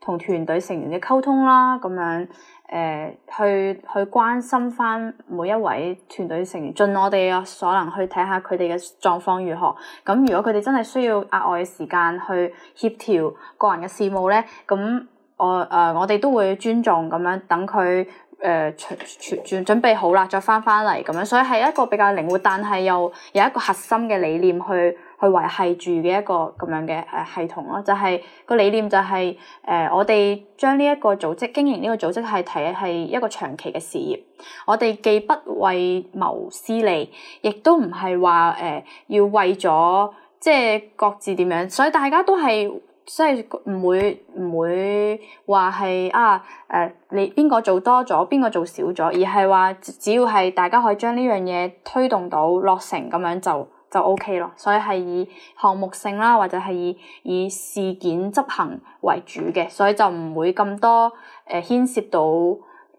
同團隊成員嘅溝通啦，咁樣。誒、呃、去去關心翻每一位團隊成員，盡我哋嘅所能去睇下佢哋嘅狀況如何。咁如果佢哋真係需要額外嘅時間去協調個人嘅事務咧，咁我誒、呃、我哋都會尊重咁樣，等佢誒全全準準備好啦，再翻翻嚟咁樣。所以係一個比較靈活，但係又有一個核心嘅理念去去維繫住嘅一個咁樣嘅誒系統咯，就係、是、個理念就係、是、誒、呃、我哋將呢一個組織經營呢個組織係提係一個長期嘅事業，我哋既不為謀私利，亦都唔係話誒要為咗即係各自點樣，所以大家都係即係唔會唔會話係啊誒你邊個做多咗，邊個做少咗，而係話只要係大家可以將呢樣嘢推動到落成咁樣就。就 OK 咯，所以係以項目性啦，或者係以以事件執行為主嘅，所以就唔會咁多誒、呃、牽涉到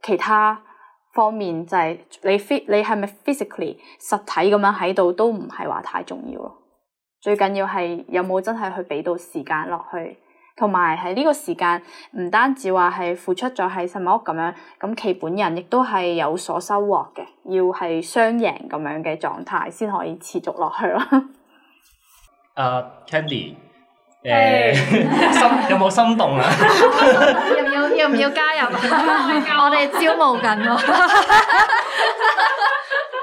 其他方面。就係、是、你你係咪 physically 實體咁樣喺度都唔係話太重要咯。最緊要係有冇真係去俾到時間落去。同埋喺呢個時間，唔單止話係付出咗喺世望屋咁樣，咁其本人亦都係有所收穫嘅，要係雙贏咁樣嘅狀態，先可以持續落去咯。啊，Candi，誒，有冇心動啊？要 唔 要加入？ 我哋招募緊喎。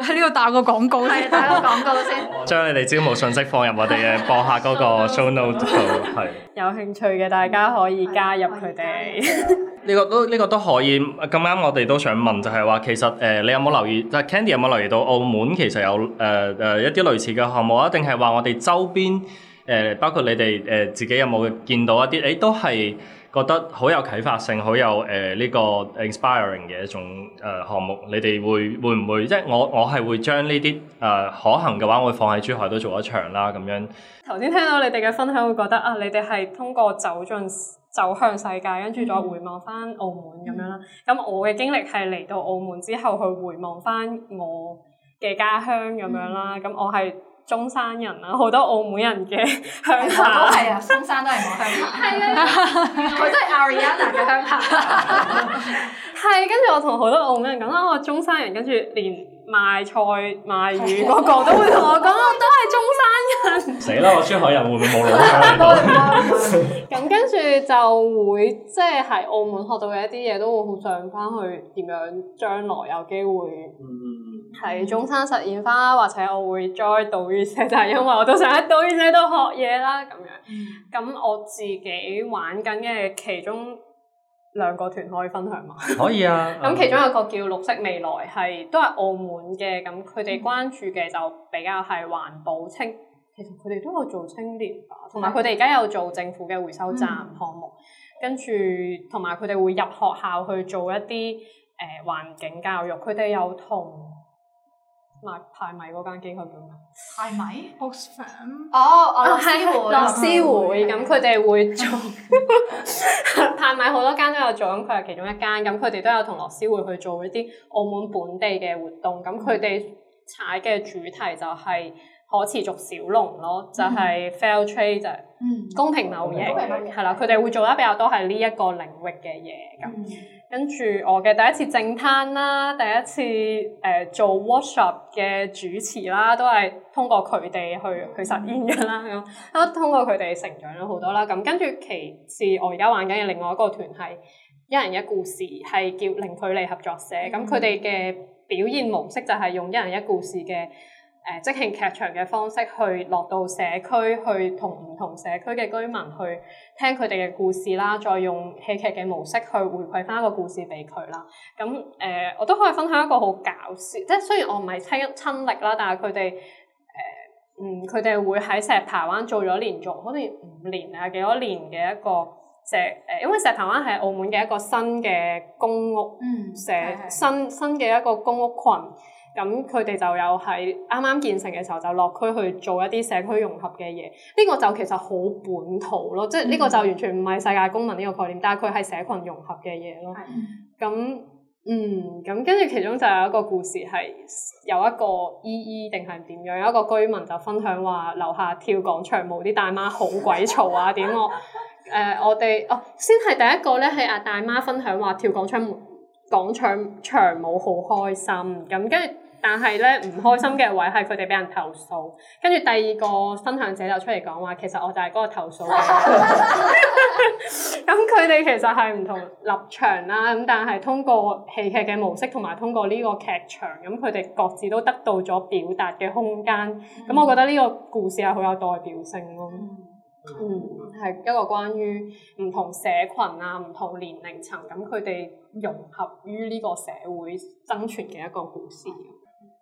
喺呢度打個廣告，打個廣告先。將 你哋招募信息放入我哋嘅播客嗰個 show note 度， 係。有興趣嘅大家可以加入佢哋。呢 個都呢、呢個都可以。咁啱我哋都想問就，就係話其實誒、呃，你有冇留意？但、就是、Candy 有冇留意到澳門其實有誒誒一啲類似嘅項目啊？定係話我哋周邊誒、呃，包括你哋誒自己有冇見到一啲？誒、欸、都係。覺得好有啟發性，好有誒呢、呃呢個 inspiring 嘅一種誒項目。你哋會會唔會？即係我我係會將呢啲誒可行嘅話，我會放喺珠海都做一場啦。咁樣頭先聽到你哋嘅分享，會覺得啊，你哋係通過走進走向世界，跟住再回望翻澳門咁、嗯、樣啦。咁我嘅經歷係嚟到澳門之後去回望翻我嘅家鄉咁樣啦。咁、嗯、我係中山人啦，好多澳門人嘅鄉下都係啊， 中山都係我鄉下，係啊，我都係 Arianna 嘅鄉下，係。跟住我同好多澳門人講啦。我中山人，跟住連賣菜賣魚嗰個都會同我講，我 都係中山人。死啦！我珠海人會唔會冇老家？咁、 啊、 跟住就會即係喺澳門學到嘅一啲嘢，都會好想翻去點樣將來有機會。嗯係中山實驗花，或者我會 join 島嶼社，就係因為我想都想喺島嶼社度學嘢啦咁樣。咁我自己玩緊嘅其中兩個團可以分享嘛？可以啊。咁 其中一個叫綠色未來，係都係澳門嘅。咁佢哋關注嘅就比較係環保清。其實佢哋都有做青年，同埋佢哋而家有做政府嘅回收站項目。嗯、跟住同埋佢哋會入學校去做一啲誒、呃、環境教育。佢哋有同。賣派米嗰間機構叫咩？派米 o x 哦， oh, 羅斯會，羅斯會，咁佢哋會做派 米好多間都有做，咁佢係其中一間，咁佢哋都有同羅斯會去做一啲澳門本地嘅活動，咁佢哋踩嘅主題就係、是。可持續小農咯，mm hmm. 就係 fair trade 就係、mm hmm. 公平貿易，係啦、mm，佢、hmm. 哋會做得比較多係呢一個領域嘅嘢咁。Mm hmm. 跟住我嘅第一次正攤啦，第一次誒、呃、做 workshop 嘅主持啦，都係通過佢哋去去實現㗎啦咁。我、mm hmm. 通過佢哋成長咗好多啦。咁跟住其次我而家玩緊嘅另外一個團係一人一故事，係叫零距離合作社。咁佢哋嘅表現模式就係用一人一故事嘅。誒即興劇場嘅方式去落到社區，去同唔同社區嘅居民去聽佢哋嘅故事啦，再用戲劇嘅模式去回饋返一個故事俾佢啦。咁誒、呃，我都可以分享一個好搞笑，即係雖然我唔係親親歷啦，但係佢哋誒嗯，佢哋會喺石排灣做咗連續好似五年啊幾多年嘅一個石誒，因為石排灣係澳門嘅一個新嘅公屋，嗯，石新新嘅一個公屋群。咁佢哋就有喺啱啱建成嘅時候就落區去做一啲社區融合嘅嘢，呢個就其實好本土咯，即係呢個就完全唔係世界公民呢個概念，但係佢係社群融合嘅嘢咯。咁嗯，咁跟住其中就有一個故事係有一個姨姨定係點樣有一個居民就分享話樓下跳廣場舞啲大媽好鬼嘈啊點 我誒、呃、我哋哦先係第一個咧係阿大媽分享話跳廣場廣場廣場舞好開心咁跟住。但係咧唔開心嘅位係佢哋俾人投訴，跟住第二個分享者就出嚟講話，其實我就係嗰個投訴嘅人。咁佢哋其實係唔同立場啦，咁但係通過戲劇嘅模式同埋通過呢個劇場，咁佢哋各自都得到咗表達嘅空間。咁我覺得呢個故事係好有代表性咯。嗯，係一個關於唔同社群啊、唔同年齡層咁佢哋融合於呢個社會生存嘅一個故事。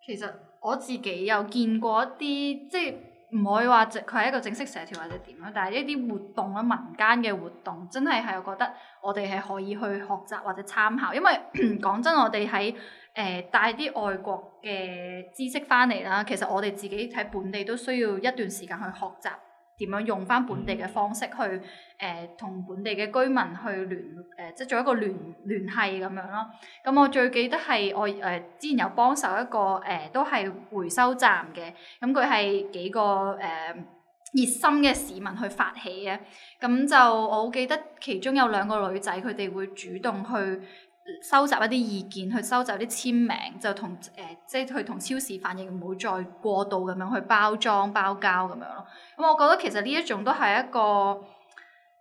其實我自己又見過一啲，即係唔可以話佢係一個正式社團或者點樣，但係呢啲活動啊、民間嘅活動，真係係我覺得我哋係可以去學習或者參考，因為講 真，我哋喺誒帶啲外國嘅知識翻嚟啦，其實我哋自己喺本地都需要一段時間去學習。點樣用翻本地嘅方式去誒、呃、同本地嘅居民去聯誒，即係做一個聯聯繫咁樣咯。咁、嗯、我最記得係我誒、呃、之前有幫手一個誒、呃，都係回收站嘅。咁佢係幾個誒熱、呃、心嘅市民去發起嘅。咁、嗯、就我記得其中有兩個女仔，佢哋會主動去，收集一啲意見，去收集啲簽名，就同誒，即係去同超市反映，唔好再過度咁樣去包裝、包膠咁樣咯。咁我覺得其實呢一種都係一個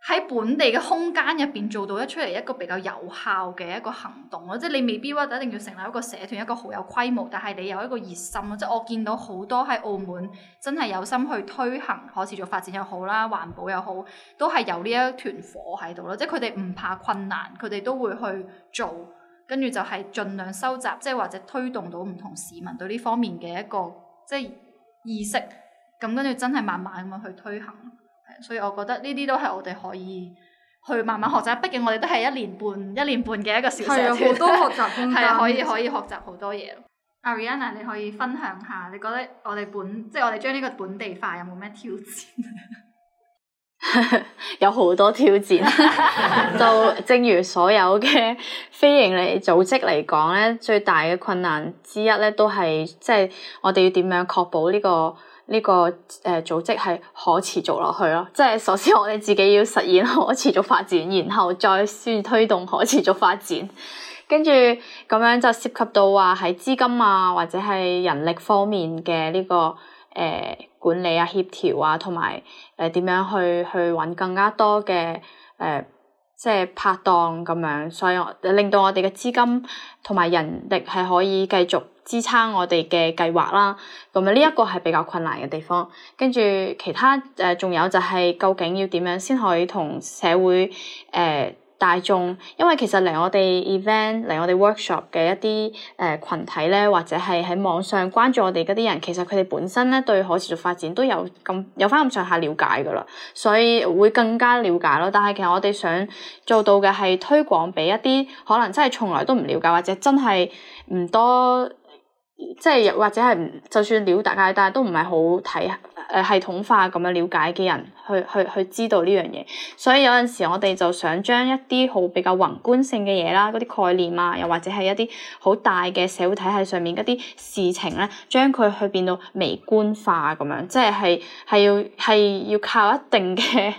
喺本地嘅空間入邊做到一出嚟一個比較有效嘅一個行動咯，即係你未必話一定要成立一個社團，一個好有規模，但係你有一個熱心咯。即係我見到好多喺澳門真係有心去推行可持續發展又好啦，環保又好，都係有呢一團火喺度咯。即係佢哋唔怕困難，佢哋都會去做，跟住就係盡量收集，即係或者推動到唔同市民對呢方面嘅一個即係意識，咁跟住真係慢慢咁去推行。所以我覺得呢啲都係我哋可以去慢慢學習，畢竟我哋都係一年半一年半嘅一個小社團，係啊，好多學習，係可以可以學習好多嘢。阿 Arianna 你可以分享下，你覺得我哋本即係、就是、我哋將呢個本地化有冇咩挑戰？ 有好多挑戰，就正如所有嘅非營利組織嚟講咧，最大嘅困難之一咧，都係即係我哋要點樣確保呢、這個。呢、這個誒、呃、組織係可持續落去咯，即係首先我哋自己要實現可持續發展，然後再先推動可持續發展，跟住咁樣就涉及到話喺資金啊或者係人力方面嘅呢、這個誒、呃、管理啊協調啊，同埋誒點樣去去揾更加多嘅誒。呃即係拍檔咁樣，所以令到我哋嘅資金同埋人力係可以繼續支撐我哋嘅計劃啦。咁啊呢一個係比較困難嘅地方。跟住其他誒，仲有、呃、就係究竟要點樣先可以同社會誒，呃大眾，因為其實嚟我哋 event、嚟我哋 workshop 嘅一啲誒羣體咧，或者係喺網上關注我哋嗰啲人，其實佢哋本身咧對可持續發展都有咁有返咁上下了解噶啦，所以會更加了解咯。但係其實我哋想做到嘅係推廣俾一啲可能真係從來都唔了解，或者真係唔多。即係或者係，就算了解，但係都唔係好睇誒，系統化咁樣了解嘅人去去去知道呢樣嘢。所以有陣時我哋就想將一啲好比較宏觀性嘅嘢啦，嗰啲概念啊，又或者係一啲好大嘅社會體系上面嗰啲事情咧，將佢去變到微觀化咁樣，即係係係要係要靠一定嘅誒、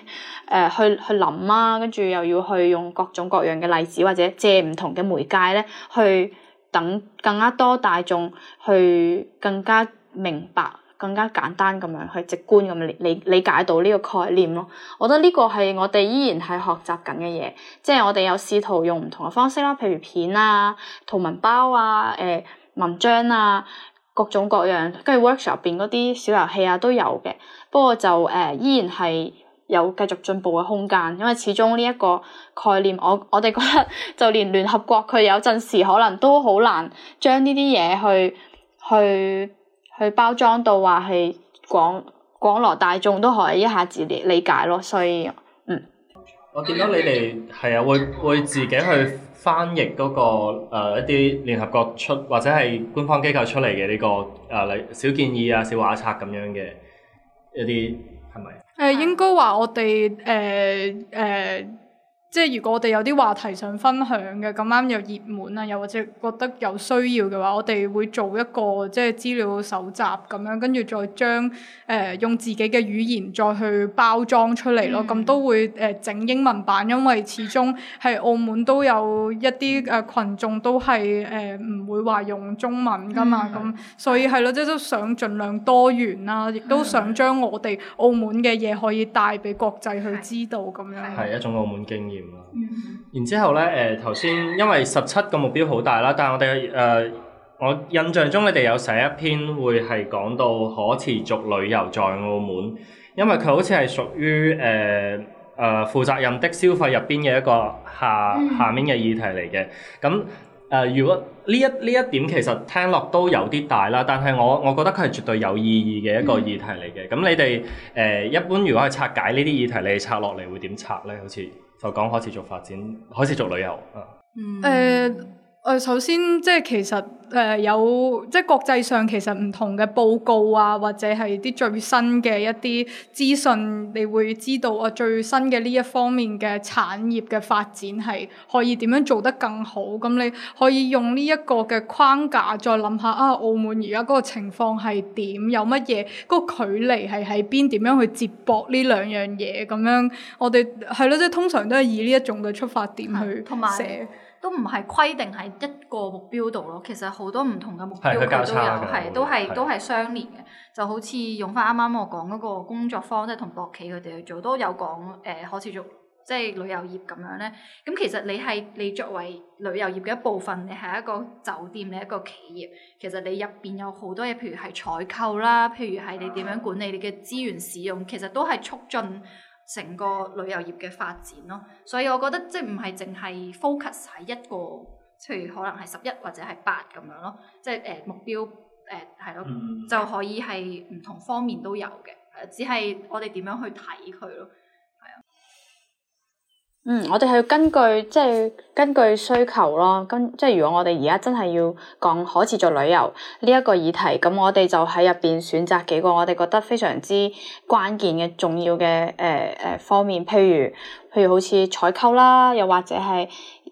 呃、去去諗啊，跟住又要去用各種各樣嘅例子或者借唔同嘅媒介咧去。等更加多大眾去更加明白、更加簡單咁樣去直觀咁理理理解到呢個概念咯。我覺得呢個係我哋依然係學習緊嘅嘢，即係我哋有試圖用唔同嘅方式啦，譬如片啊、圖文包啊、誒、呃、文章啊，各種各樣，跟住 workshop 入邊嗰啲小遊戲啊都有嘅。不過就誒、呃，依然係，有繼續進步嘅空間，因為始終呢一個概念，我我哋覺得，就連聯合國佢有陣時可能都好難將呢啲嘢去去去包裝到話係廣廣羅大眾都可以一下子理解咯，所以嗯，我見到你哋係啊，會會自己去翻譯嗰、嗰個、呃、一啲聯合國出或者係官方機構出嚟嘅呢個誒、呃、小建議啊、小畫冊咁樣嘅一啲係咪？是誒，uh, uh. 應該話我哋誒誒。Uh, uh, 即係如果我哋有啲話題想分享嘅，咁啱 又熱門啊，又或者覺得有需要嘅話，我哋會做一個即係資料搜集咁樣，跟住再將誒、呃、用自己嘅語言再去包裝出嚟咯。咁都會誒、呃、整英文版，因為始終係澳門都有一啲誒群眾都係誒唔會話用中文噶嘛，咁、 嗯、所以係咯，即係都想盡量多元啦，亦都想將我哋澳門嘅嘢可以帶俾國際去知道咁樣，係一種澳門經驗。然之後咧，誒、呃，頭先因為十七個目標好大啦，但係我哋誒、呃，我印象中你哋有寫一篇會係講到可持續旅遊在澳門，因為佢好似係屬於誒誒、呃呃、負責任的消費入邊嘅一個下下面嘅議題嚟嘅。咁誒、呃，如果呢一呢一點其實聽落都有啲大啦，但係我我覺得佢係絕對有意義嘅一個議題嚟嘅。咁你哋誒、呃，一般如果係拆解呢啲議題，你哋拆落嚟會點拆咧？好似？就講開始做發展，開始做旅遊，嗯、啊。嗯、uh。誒。誒、呃，首先即係其實誒有即係國際上其實唔同嘅報告啊，或者係啲最新嘅一啲資訊，你會知道啊最新嘅呢一方面嘅產業嘅發展係可以點樣做得更好。咁你可以用呢一個嘅框架再諗下啊，澳門而家嗰個情況係點？有乜嘢？嗰、嗰個距離係喺邊？點樣去接駁呢兩樣嘢？咁樣我哋係咯，即係通常都係以呢一種嘅出發點去寫。都唔係規定喺一個目標度咯，其實好多唔同嘅目標佢都有，係都係是對都係相連嘅。就好似用翻啱啱我講嗰個工作方式，即係同博企佢哋去做，都有講誒可持續，即係旅遊業咁樣咧。咁其實你係你作為旅遊業嘅一部分，你係一個酒店，你一個企業，其實你入邊有好多嘢，譬如係採購啦，譬如係你點樣管理你嘅資源使用，其實都係促進成個旅遊業嘅發展咯，所以我覺得即係唔係淨係 focus 喺一個，譬如可能係十一或者係八咁樣咯，即係誒目標誒係咯，嗯、就可以係唔同方面都有嘅，只係我哋點樣去睇佢咯。嗯，我哋係根據，即係根據需求咯，跟即係如果我哋而家真係要講可持續旅遊呢一個議題，咁我哋就喺入邊選擇幾個我哋覺得非常之關鍵嘅重要嘅誒誒方面，譬如譬如好似採購啦，又或者係。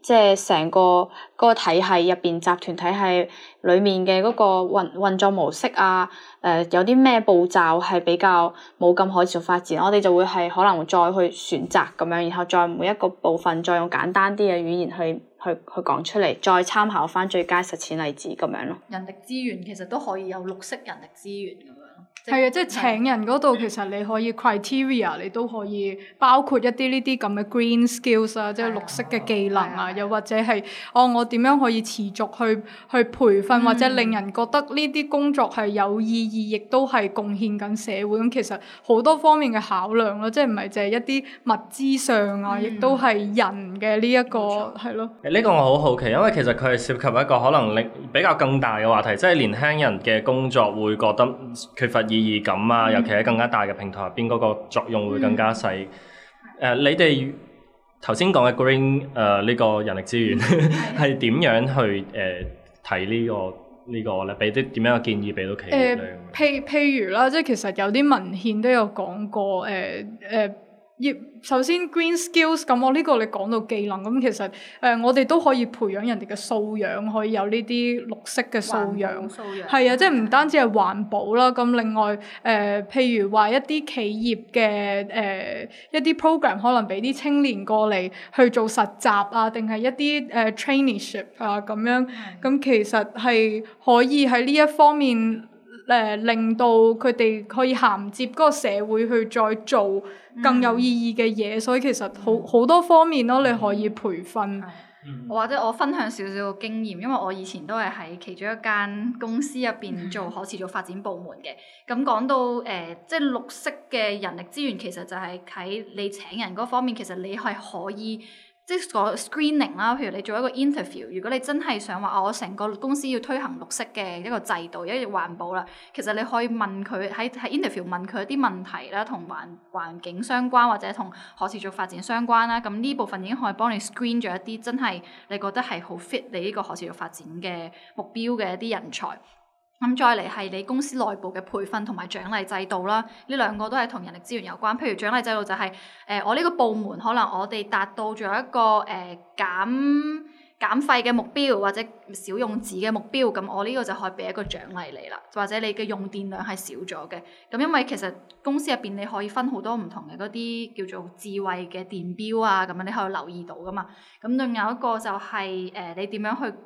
即係成個嗰個體系入邊集團體系裏面嘅嗰個運運作模式啊，誒、呃，有啲咩步驟係比較冇咁可持續發展，我哋就會係可能會再去選擇咁樣，然後再每一個部分再用簡單啲嘅語言去去去講出嚟，再參考翻最佳實踐例子咁樣咯。人力資源其實都可以有綠色人力資源咁樣。係啊，即係請人嗰度，其實你可以 criteria，你都可以包括一啲呢啲咁嘅 green skills 啊，即係綠色嘅技能啊，哎、呀又或者係哦，我點樣可以持續去去培訓或者令人覺得呢啲工作係有意義，亦都係貢獻緊社會，咁其實好多方面嘅考量咯，即係唔係淨係一啲物資上啊，亦都係人嘅呢一個係咯。呢個我好好奇，因為其實佢係涉及一個可能力比較更大嘅話題，即係年輕人嘅工作會覺得缺乏。意義感啊，尤其喺更加大嘅平台入邊，嗰、那個作用會更加細。誒、嗯，uh, 你哋頭先講嘅 green 誒呢個人力資源係點、嗯、 樣去誒睇呢個呢、這個咧？俾啲點樣嘅建議俾到企業、呃、譬譬如啦，即係其實有啲文獻都有講過誒誒。呃呃首先 Green Skills 咁我呢個你講到技能，咁其實誒、呃、我哋都可以培養人哋嘅素養，可以有呢啲綠色嘅素養，係啊，即係唔單止係環保啦。咁另外誒、呃，譬如話一啲企業嘅誒、呃、一啲 program 可能俾啲青年過嚟去做實習啊，定係一啲誒、呃、traineeship 啊咁樣。係的。咁其實係可以喺呢一方面誒、呃、令到佢哋可以銜接嗰個社會去再做。更有意義嘅嘢，嗯、所以其實好好、嗯、多方面咯，你可以培訓，嗯、或者我分享少少嘅經驗，因為我以前都係喺其中一間公司入邊做可持續發展部門嘅。咁講到誒，即、呃、係、就是、綠色嘅人力資源，其實就係喺你請人嗰方面，其實你係可以。即係個 screening 啦，譬如你做一個 interview，如果你真係想話、哦、我成個公司要推行綠色嘅一個制度，一要環保啦，其實你可以問佢喺喺 interview 問佢一啲問題啦，同環環境相關或者同可持續發展相關啦，咁呢部分已經可以幫你 screen 咗一啲真係你覺得係好 fit 你呢個可持續發展嘅目標嘅一啲人才。咁再嚟係你公司內部嘅培訓同埋獎勵制度啦，呢兩個都係同人力資源有關。譬如獎勵制度就係、是，誒、呃、我呢個部門可能我哋達到咗一個誒減減費嘅目標或者少用紙嘅目標，咁我呢個就可以俾一個獎勵你啦。或者你嘅用電量係少咗嘅，咁因為其實公司入邊你可以分好多唔同嘅嗰啲叫做智慧嘅電表啊，咁樣你可以留意到噶嘛。咁另外一個就係、是、誒、呃、你點樣去？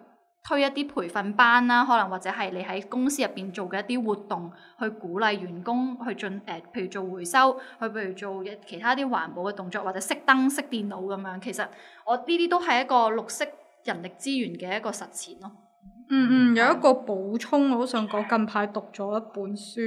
推一啲培訓班啦，可能或者係你喺公司入邊做嘅一啲活動，去鼓勵員工去進誒、呃，譬如做回收，去譬如做其他啲環保嘅動作，或者熄燈熄電腦咁樣。其實我，我呢啲都係一個綠色人力資源嘅一個實踐咯。嗯嗯，有一個補充，我好想講近排讀咗一本書，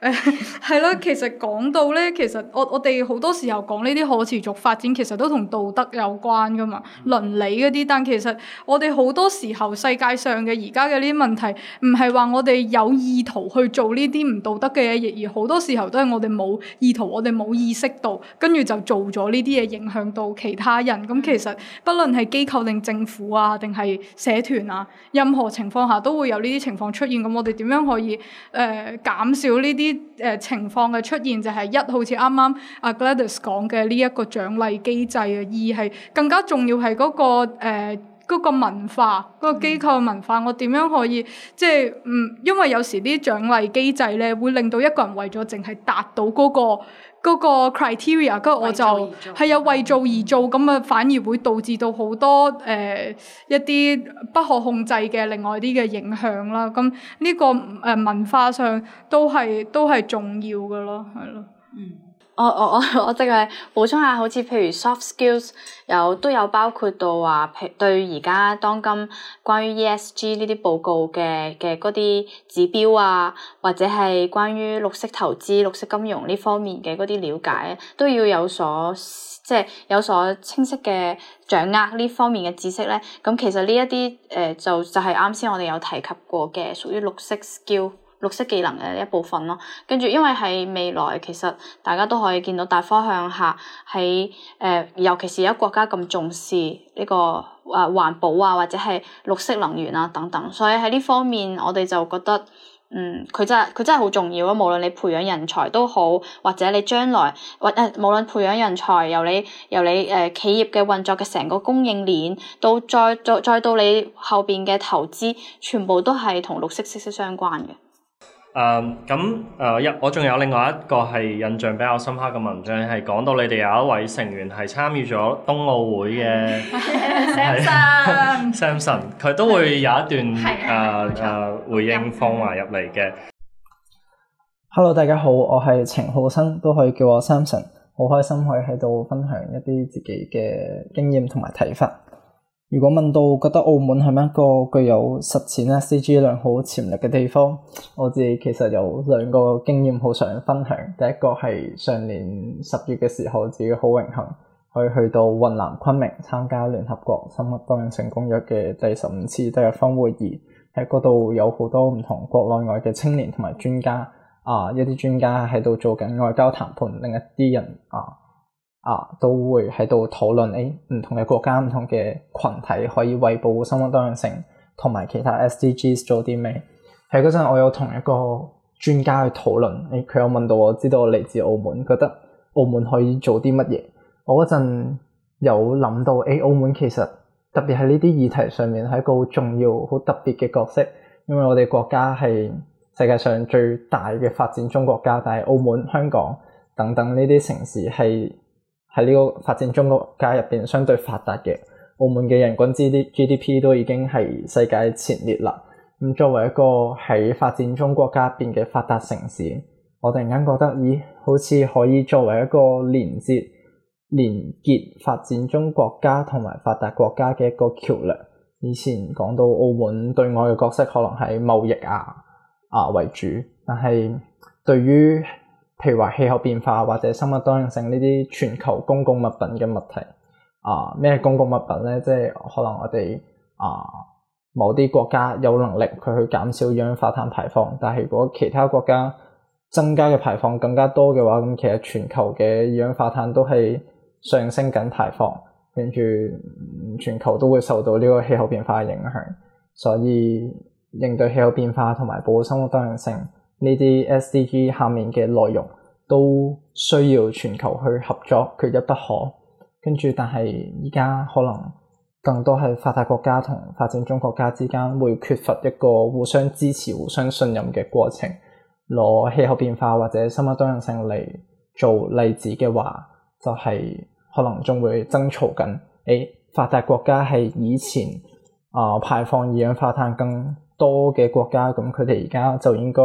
誒係咯，其實講到咧，其實我我哋好多時候講呢啲可持續發展，其實都同道德有關噶嘛，倫理嗰啲。但其實我哋好多時候，世界上嘅而家嘅呢啲問題唔係話我哋有意圖去做呢啲唔道德嘅嘢，而好多時候都係我哋冇意圖我哋冇意識到，跟住就做咗呢啲嘢，影響到其他人。咁其實不論係機構定政府啊，定係社團啊，任何情況下都會有呢啲情況出現，咁我哋點樣可以誒減、呃、少呢啲誒情況嘅出現？就係、是、一，好似啱啱阿 Gladys 講嘅呢一個獎勵機制啊；二係更加重要係嗰、那個、呃嗰個文化，嗰、嗰個機構嘅文化，我點樣可以、嗯、即係嗯？因為有時啲獎勵機制咧，會令到一個人為咗淨係達到嗰、嗰個嗰、嗰個 criteria，跟住我就係有為做而做咁啊，反而會導致到好多誒、呃、一啲不可控制嘅另外啲嘅影響啦。咁呢個誒文化上都係都係重要嘅咯，係咯。嗯。Oh, oh, oh, 我我我我淨係補充下，好似譬如 soft skills 有都有包括到話，對而家當今關於 ESG 呢啲報告嘅嘅嗰啲指標啊，或者係關於綠色投資、綠色金融呢方面嘅嗰啲了解，都要有所即係有所清晰嘅掌握呢方面嘅知識咧。咁其實呢一啲誒就就係啱先我哋有提及過嘅，屬於綠色 skill。綠色技能嘅一部分咯，跟住因為喺未來其實大家都可以見到大方向下喺誒、呃，尤其是而家國家咁重視呢、這個啊、呃、環保啊，或者係綠色能源啊等等，所以喺呢方面我哋就覺得嗯，佢真係佢真係好重要咯。無論你培養人才都好，或者你將來或誒、呃，無論培養人才由你由你誒企業嘅運作嘅成個供應鏈到再再再到你後邊嘅投資，全部都係同綠色息息息相關嘅。誒咁誒一，我仲有另外一個係印象比較深刻嘅文章，係講到你哋有一位成員係參與咗冬奧會嘅 Samson，Samson 佢都會有一段誒誒、 uh, uh, 回應放埋入嚟嘅。 Hello，大家好，我係程浩生，都可以叫我 Samson，好開心可以喺度分享一啲自己嘅經驗同埋睇法。如果問到覺得澳門係咪一個具有實踐 SDGs 良好潛力嘅地方，我自己其實有兩個經驗好想分享。第一個係上年十月嘅時候，自己好榮幸可以去，去到雲南昆明參加聯合國生物多樣性公約嘅第十五次締約方會議，喺嗰度有好多唔同國內外嘅青年同埋專家啊，一啲專家喺度做緊外交談判，另一啲人啊。啊，都會喺度討論，誒、哎、唔同嘅國家、唔同嘅群體可以為保護生物多樣性同埋其他 SDGs 做啲咩？喺嗰陣，我有同一個專家去討論，誒、哎、佢有問到我知道我嚟自澳門，覺得澳門可以做啲乜嘢？我嗰陣有諗到，誒、哎、澳門其實特別喺呢啲議題上面係一個好重要、好特別嘅角色，因為我哋國家係世界上最大嘅發展中國家，但係澳門、香港等等呢啲城市係，喺呢個發展中國家入邊相對發達嘅，澳門嘅人均 GDP 都已經係世界前列啦。咁作為一個喺發展中國家入邊嘅發達城市，我突然間覺得，咦，好似可以作為一個連接、連結發展中國家同埋發達國家嘅一個橋梁。以前講到澳門對外嘅角色，可能係貿易啊啊為主，但係對於譬如話氣候變化或者生物多樣性呢啲全球公共物品嘅問題啊，咩、呃、公共物品呢？即係可能我哋啊、呃、某啲國家有能力佢去減少二氧化碳排放，但係如果其他國家增加嘅排放更加多嘅話，咁其實全球嘅二氧化碳都係上升緊排放，跟住全球都會受到呢個氣候變化嘅影響。所以應對氣候變化同埋保護生物多樣性。呢啲 SDG 下面嘅內容都需要全球去合作，缺一不可。跟住，但係依家可能更多係發達國家同發展中國家之間會缺乏一個互相支持、互相信任嘅過程。攞氣候變化或者生物多樣性嚟做例子嘅話，就係、是、可能仲會爭吵緊。誒、欸，發達國家係以前啊、呃、排放二氧化碳更多嘅國家，咁佢哋而家就應該。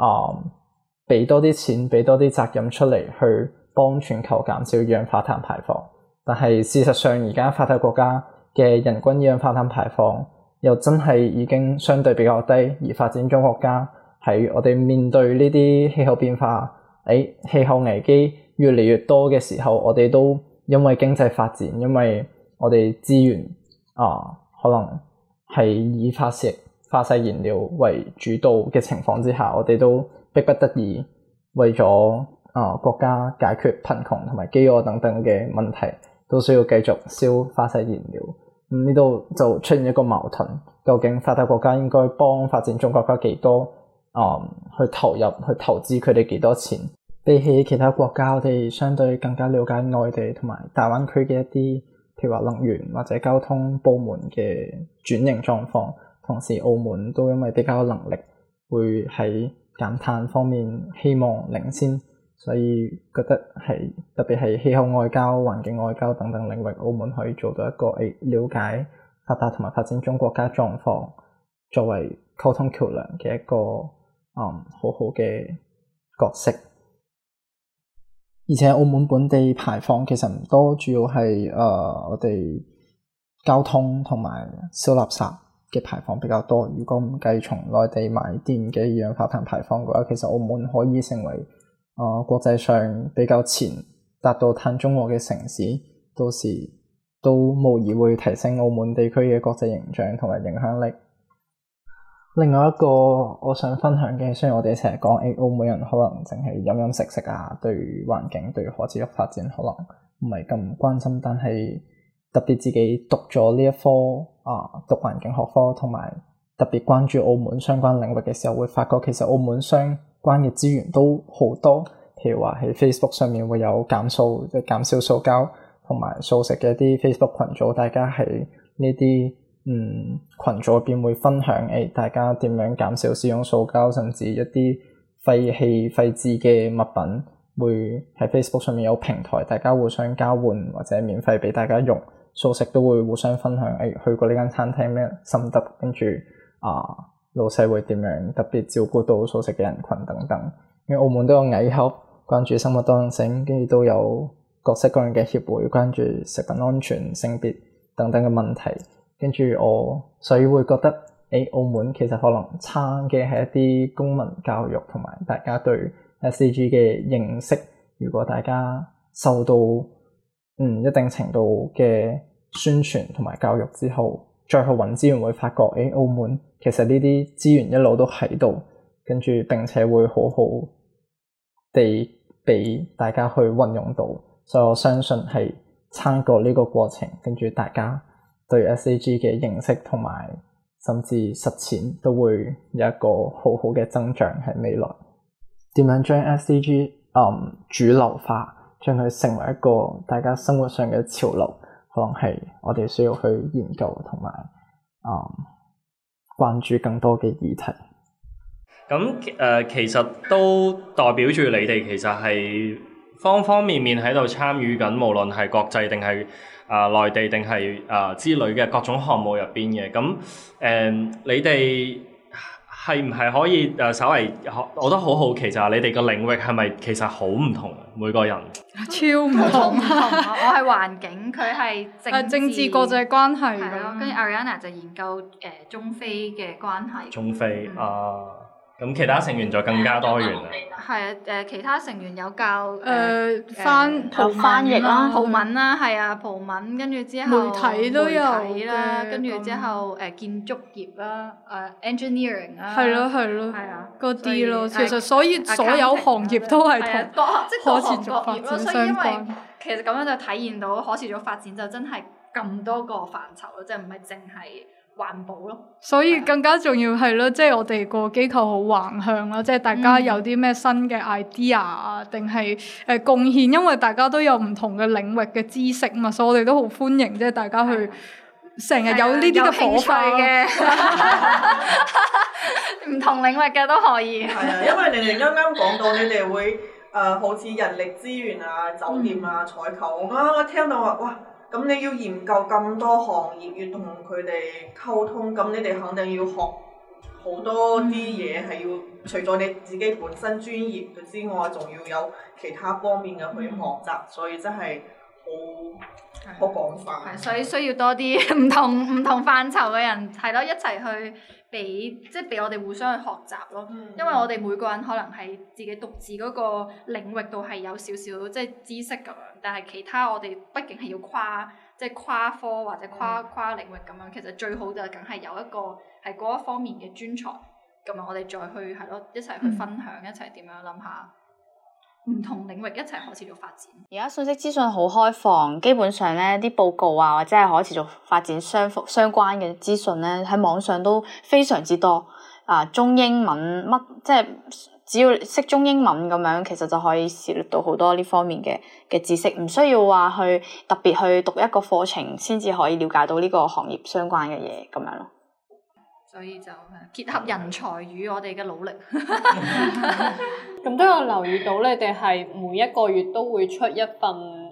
啊！俾、um, 多啲錢，俾多啲責任出嚟，去幫全球減少二氧化碳排放。但係事實上，而家發達國家嘅人均二氧化碳排放又真係已經相對比較低。而發展中國家喺我哋面對呢啲氣候變化、誒、哎、氣候危機越嚟越多嘅時候，我哋都因為經濟發展，因為我哋資源啊，可能係以化石。化石燃料為主導嘅情況之下，我哋都迫不得已為咗啊、呃、國家解決貧窮同埋饑餓等等嘅問題，都需要繼續燒化石燃料。咁呢度就出現一個矛盾，究竟發達國家應該幫發展中國家幾多啊、嗯、去投入去投資佢哋幾多錢？比起其他國家，我哋相對更加了解內地同埋大灣區嘅一啲，譬如話能源或者交通部門嘅轉型狀況。同時，澳門都因為比較有能力，會喺減碳方面希望領先，所以覺得係特別係氣候外交、環境外交等等領域，澳門可以做到一個誒瞭解發達同埋發展中國家狀況，作為溝通橋梁嘅一個嗯好好嘅角色。而且澳門本地排放其實唔多，主要係誒、呃、我哋交通同埋燒垃圾嘅排放比較多，如果唔計從內地買電嘅二氧化碳排放嘅話，其實澳門可以成為啊、呃、國際上比較前達到碳中和嘅城市。到時都無疑會提升澳門地區嘅國際形象同埋影響力。另外一個我想分享嘅，雖然我哋成日講誒澳門人可能淨係飲飲食食啊，對環境、對可持續發展可能唔係咁關心，但係特別自己讀咗呢一科。啊，讀環境學科同埋特別關注澳門相關領域嘅時候，會發覺其實澳門相關嘅資源都好多。譬如話喺 Facebook 上面會有減塑，即係減少塑膠同埋素食嘅一啲 Facebook 群組，大家喺呢啲嗯羣組入邊會分享，誒大家點樣減少使用塑膠，甚至一啲廢棄廢置嘅物品，會喺 Facebook 上面有平台，大家互相交換或者免費俾大家用。素食都會互相分享，誒、哎、去過呢間餐廳咩心得，跟住啊，老細會點樣特別照顧到素食嘅人群等等。因為澳門都有矮盒關注生物多樣性，跟住都有各式各樣嘅協會關注食品安全、性別等等嘅問題。跟住我所以會覺得，誒、哎、澳門其實可能差嘅係一啲公民教育同埋大家對 SDG 嘅認識。如果大家受到嗯一定程度嘅宣傳同埋教育之後，再去揾資源，會發覺誒、欸，澳門其實呢啲資源一路都喺度，跟住並且會好好地俾大家去運用到。所以我相信係撐過呢個過程，跟住大家對 SDGs 嘅認識同埋甚至實踐都會有一個好好嘅增長喺未來。點樣將 SDGs、嗯、主流化，將佢成為一個大家生活上嘅潮流？可能係我哋需要去研究同埋啊關注更多嘅議題。咁誒、呃，其實都代表住你哋其實係方方面面喺度參與緊，無論係國際定係啊內地定係啊之類嘅各種項目入邊嘅。咁誒、呃，你哋。係唔係可以誒、呃？稍微，我都好好奇就係你哋個領域係咪其實好唔同、啊、每個人？超唔同， 超唔同，我係環境，佢係政，政治國際關係，咯、啊。跟住 Arianna 就研究誒、呃、中非嘅關係。中非啊！嗯 uh 咁其他成員就更加多元啦。係啊、嗯，誒其他成員有教誒翻譯啦、葡文啦，係啊，葡文跟住、啊、之後媒體都有啦，跟住之後誒、嗯、建築業啦、誒 engineering 啦。係咯係咯。係啊。個啲咯，其實所以所有行業都係同即係可持續發展咯，所以因為，其實咁樣就體現到可持續發展就真係咁多個範疇咯，即係唔係淨係，環保咯，所以更加重要係咯，即係的我哋個機構好橫向啦，即係、嗯、大家有啲咩新嘅 idea 啊，定係誒貢獻，因為大家都有唔同嘅領域嘅知識嘛，所以我哋都好歡迎即係大家去成日的有呢啲嘅火花嘅，唔同領域嘅都可以。係啊，因為你哋啱啱講到你哋會誒、 呃、好似人力資源啊、酒店啊、採購，我我聽到話哇～哇咁你要研究咁多行業，要同佢哋溝通，咁你哋肯定要學好多啲嘢，係要除咗你自己本身專業之外，仲要有其他方面嘅去學習，嗯、所以真係。哦、好、啊，好廣泛。係， 所以需要多啲唔同唔同範疇嘅人，係咯，一齊去俾，即係俾我哋互相去學習咯。嗯、因為我哋每個人可能係自己獨自嗰個領域度係有少少即係知識咁樣，但係其他我哋畢竟係要跨，即係跨科或者跨、嗯、跨領域咁樣。其實最好就梗係有一個係嗰一方面嘅專才，咁啊，我哋再去係咯一齊去分享，一齊點樣諗下？唔同領域一齊可持續發展。而家信息資訊好開放，基本上呢啲報告啊，或者係可持續發展相相關嘅資訊呢，喺網上都非常之多。啊，中英文乜即係只要識中英文咁樣，其實就可以涉獵到好多呢方面嘅嘅知識，唔需要話去特別去讀一個課程先至可以了解到呢個行業相關嘅嘢咁樣咯。所以就結合人才與我哋嘅努力。咁都有留意到，你哋係每一個月都會出一份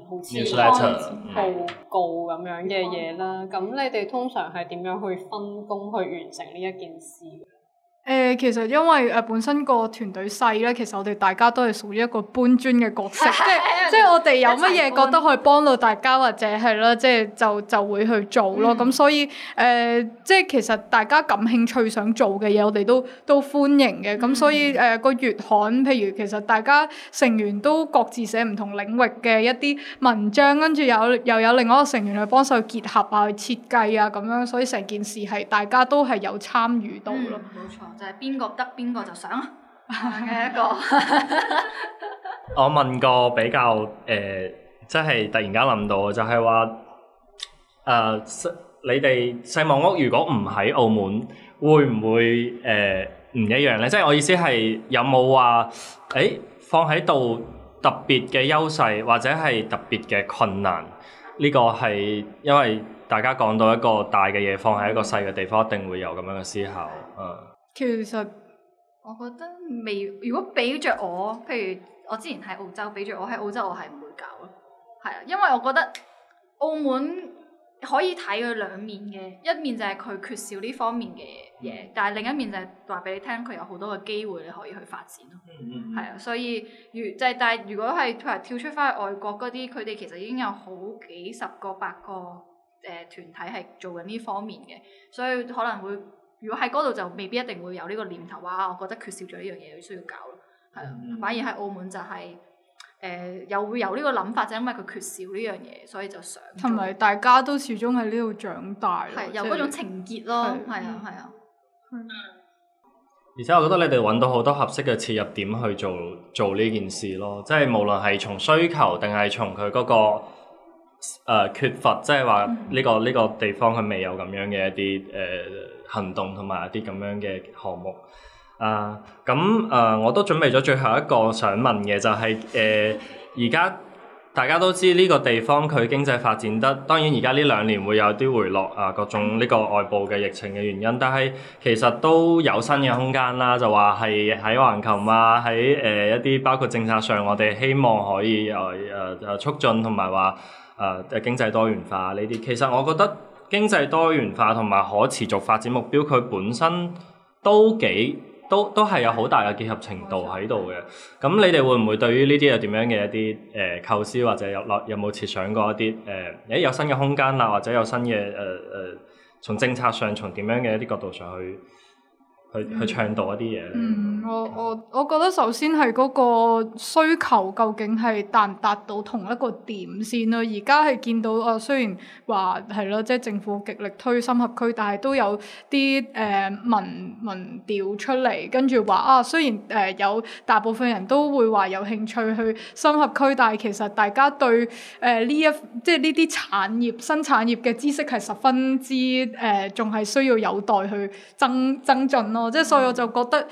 好似報告咁樣嘅嘢啦。咁、嗯、 你哋通常係點樣去分工去完成呢一件事？誒、呃，其實因為誒、呃、本身個團隊細咧，其實我哋大家都係屬於一個搬磚嘅角色， 即係即係我哋有乜嘢覺得可以幫到大家或者係啦，即係就就會去做咯。咁、嗯、所以誒、呃，即係其實大家感興趣想做嘅嘢，我哋都都歡迎嘅。咁、嗯、所以誒、呃、個月刊，譬如其實大家成員都各自寫唔同領域嘅一啲文章，跟住有又有另外一個成員去幫手去結合啊、去設計啊咁樣，所以成件事係大家都係有參與到咯。冇錯、嗯。嗯。就係邊個得邊個就想嘅一個。 我問個比較誒，即、呃、係突然間諗到就，就係話誒你哋世望屋，如果唔喺澳門，會唔會誒唔、呃、一樣咧？即係我意思係有冇話誒放喺度特別嘅優勢，或者係特別嘅困難？呢、這個係因為大家講到一個大嘅嘢放喺一個細嘅地方，一定會有咁樣嘅思考。嗯、呃。其實我覺得未，如果俾着我，譬如我之前喺澳洲，俾着我喺澳洲，我係唔會搞咯，係啊，因為我覺得澳門可以睇佢兩面嘅，一面就係佢缺少呢方面嘅嘢，mm hmm. 但係另一面就係話俾你聽，佢有好多嘅機會你可以去發展咯，係啊、mm hmm.，所以如就係、是、但係如果係佢話跳出翻去外國嗰啲，佢哋其實已經有好幾十個、百個誒團、呃、體係做緊呢方面嘅，所以可能會。如果喺嗰度就未必一定會有呢個念頭，哇！我覺得缺少咗呢樣嘢，需要搞咯，係啊。嗯、反而喺澳門就係、係，誒、呃、又會有呢個諗法，就因為佢缺少呢樣嘢，所以就想。同埋大家都始終喺呢度長大啦，有嗰種情結咯，係啊，係啊。而且我覺得你哋揾到好多合適嘅切入點去做做呢件事咯，即係無論係從需求定係從佢嗰、嗰個。誒、uh, 缺乏，即係話呢個呢、這個地方佢未有咁樣嘅一啲誒、呃、行動同埋一啲咁樣嘅項目啊。咁、uh, 誒，uh, 我都準備咗最後一個想問嘅，就係誒而家大家都知呢個地方佢經濟發展得，當然而家呢兩年會有啲回落啊，各種呢個外部嘅疫情嘅原因，但係其實都有新嘅空間啦。就話係喺橫琴啊，喺誒一啲包括政策上，我哋希望可以誒誒誒促進同埋話。誒嘅、啊、經濟多元化呢啲，其實我覺得經濟多元化同埋可持續發展目標，佢本身都幾都都係有好大嘅結合程度喺度嘅。咁你哋會唔會對於呢啲有點樣嘅一啲誒、呃、構思，或者有落有冇設想過一啲誒誒有新嘅空間啦，或者有新嘅誒誒從政策上從點樣嘅一啲角度上去？去、嗯、去倡導一啲嘢，嗯，我我我覺得首先係嗰個需求究竟係達唔達到同一個點先啦、啊。而家係見到啊，雖然話係咯，即係、就是、政府極力推深合區，但係都有啲誒、呃、民民調出嚟，跟住話啊，雖然誒、呃、有大部分人都會話有興趣去深合區，但係其實大家對誒呢、呃、一即係呢啲產業新產業嘅知識係十分之誒，仲、呃、係需要有待去增增進咯。哦，即係所以我就覺得，誒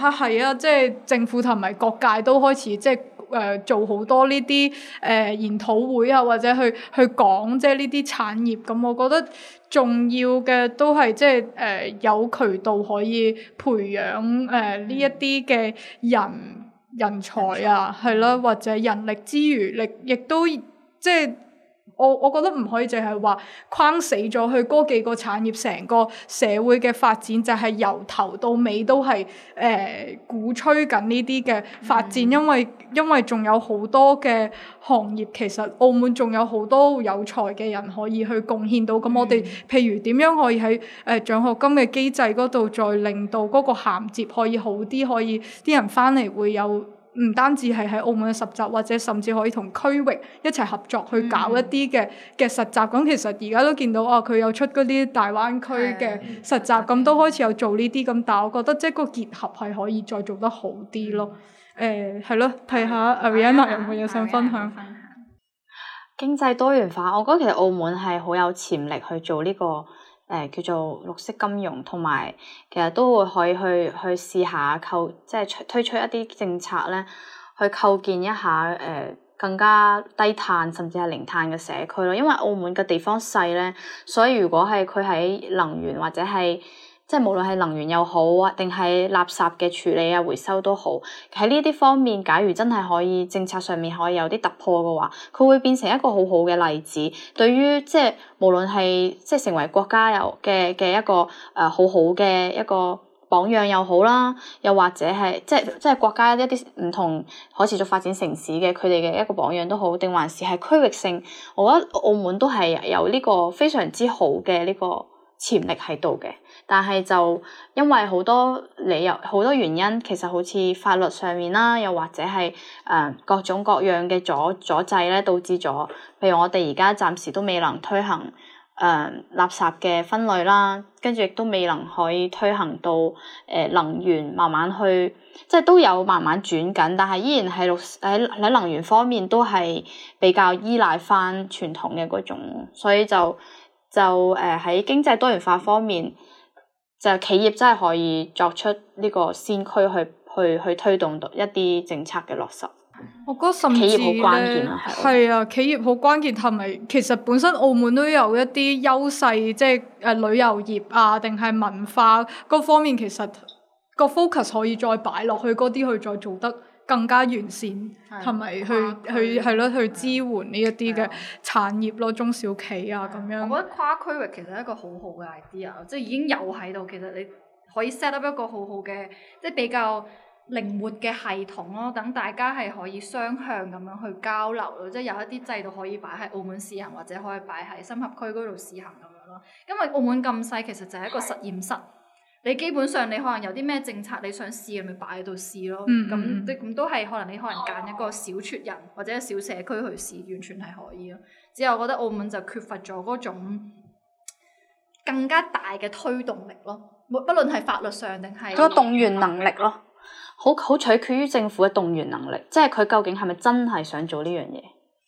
嚇係啊！即係政府同埋各界都開始即係誒、呃、做好多呢啲誒研討會啊，或者去去講即係呢啲產業咁。我覺得重要嘅都係即係誒、呃、有渠道可以培養誒呢一啲嘅人、嗯、人才啊，係咯、啊，或者人力資源力亦都即係。我我覺得唔可以淨係話框死咗佢嗰幾個產業，成個社會嘅發展就係由頭到尾都係誒、呃、鼓吹緊呢啲嘅發展，嗯、因為因為仲有好多嘅行業，其實澳門仲有好多有才嘅人可以去貢獻到。咁、嗯、我哋譬如點樣可以喺誒獎學金嘅機制嗰度再令到嗰個銜接可以好啲，可以啲人翻嚟會有。唔單止係喺澳門嘅實習，或者甚至可以同區域一齊合作去搞一啲嘅嘅實習。咁其實而家都見到啊，佢、哦、有出嗰啲大灣區嘅實習，咁都的時開始有做呢啲咁。但係我覺得即係個結合係可以再做得好啲咯。誒、呃，係咯，睇下啊 Arianna 對有冇嘢想分享分享？啊、Arianna，經濟多元化，我覺得其實澳門係好有潛力去做呢、這個。誒、呃、叫做綠色金融，同埋其實都會可以去去試下構，即係推出一啲政策咧，去構建一下誒、呃、更加低碳甚至係零碳嘅社區咯。因為澳門嘅地方細咧，所以如果係佢喺能源或者係。即係無論係能源又好啊，定係垃圾嘅處理啊、回收都好，喺呢啲方面，假如真係可以政策上面可以有啲突破嘅話，佢會變成一個好好嘅例子。對於即係無論係即係成為國家又嘅嘅一個誒好好嘅一,一個榜樣又好啦，又或者係即係即係國家一啲唔同可持續發展城市嘅佢哋嘅一個榜樣都好，定還是係區域性，我覺得澳門都係有呢個非常之好嘅呢個潛力喺度嘅。但係就因為好多理由，好多原因，其實好似法律上面啦，又或者係誒、呃、各種各樣嘅阻阻滯咧，導致咗。譬如我哋而家暫時都未能推行誒、呃、垃圾嘅分類啦，跟住亦都未能可以推行到誒、呃、能源慢慢去，即係都有慢慢轉緊，但係依然喺綠喺喺能源方面都係比較依賴翻傳統嘅嗰種，所以就就誒喺、呃、經濟多元化方面。就係企業真係可以作出呢個先驅去，去去去推動一啲政策嘅落實。我覺得甚至咧，企業好關鍵，係啊，企業好關鍵，係咪？其實本身澳門都有一啲優勢，即係誒旅遊業啊，定係文化各方面，其實個 focus 可以再擺落去嗰啲去再做得更加完善，同埋的去區去係咯，的去支援呢一啲嘅產業咯，的中小企啊咁的樣。我覺得跨區域其實係一個好好嘅 idea，即係已經有喺度。其實你可以 set up 一個好好嘅，即係比較靈活嘅系統咯。等大家係可以雙向咁樣去交流咯，即係有一啲制度可以擺喺澳門試行，或者可以擺喺深合區嗰度試行咁樣咯。因為澳門咁細，其實就係一個實驗室。你基本上你可能有啲咩政策你想試，咪擺喺度試咯。咁咁、嗯、都係可能你可能揀一個小撮人或者小社區去試，完全係可以咯。只有我覺得澳門就缺乏咗嗰種更加大嘅推動力咯。不，不論係法律上定係嗰個動員能力咯，好好取決於政府嘅動員能力，即係佢究竟係咪真係想做呢樣嘢？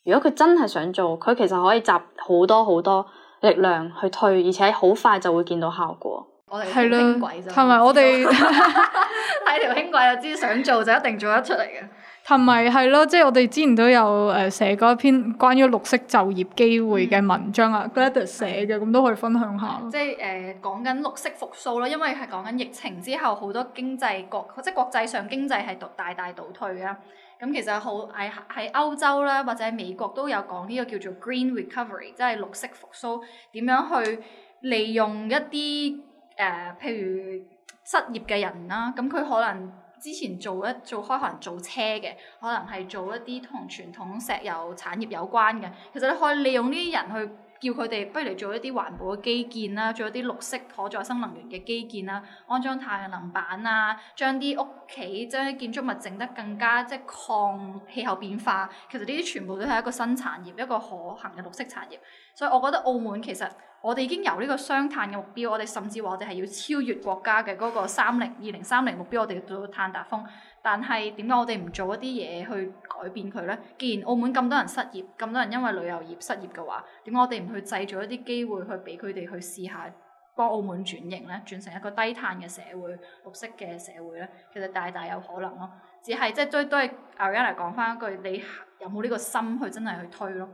如果佢真係想做，佢其實可以集好多好多力量去推，而且好快就會見到效果。係咯，同埋我哋睇 條輕軌就知，想做就一定做得出嚟嘅。同埋係咯，即係我哋之前都有誒寫過一篇關於綠色就業機會嘅文章、嗯、啊 Gladys 寫嘅，咁都的的可以分享下。即係誒講緊綠色復甦啦，因為係講緊疫情之後好多經濟國即係國際上經濟係倒大大倒退啊。咁其實好喺喺歐洲啦，或者喺美國都有講呢個叫做 Green Recovery，即係綠色復甦點樣去利用一啲。誒、呃，譬如失業嘅人啦，咁佢可能之前做一做開行做車嘅，可能係做一啲同傳統石油產業有關嘅。其實你可以利用呢啲人去叫佢哋，不如嚟做一啲環保嘅基建啦，做一啲綠色可再生能源嘅基建啦，安裝太陽能板啦，將啲屋企將啲建築物整得更加即係、就是、抗氣候變化。其實呢啲全部都係一個新產業，一個可行嘅綠色產業。所以我覺得澳門其實。我哋已經由呢個雙碳嘅目標，我哋甚至話我哋係要超越國家嘅嗰個三零二零三零目標，我哋做到碳達峰。但係點解我哋唔做一啲嘢去改變佢呢？既然澳門咁多人失業，咁多人因為旅遊業失業嘅話，點解我哋唔去製造一啲機會去俾佢哋去試下幫澳門轉型呢？轉成一個低碳嘅社會、綠色嘅社會呢？其實大大有可能咯、啊。只係即係追都係 Arianna 嚟講翻一句，你有冇呢個心去真係去推咯？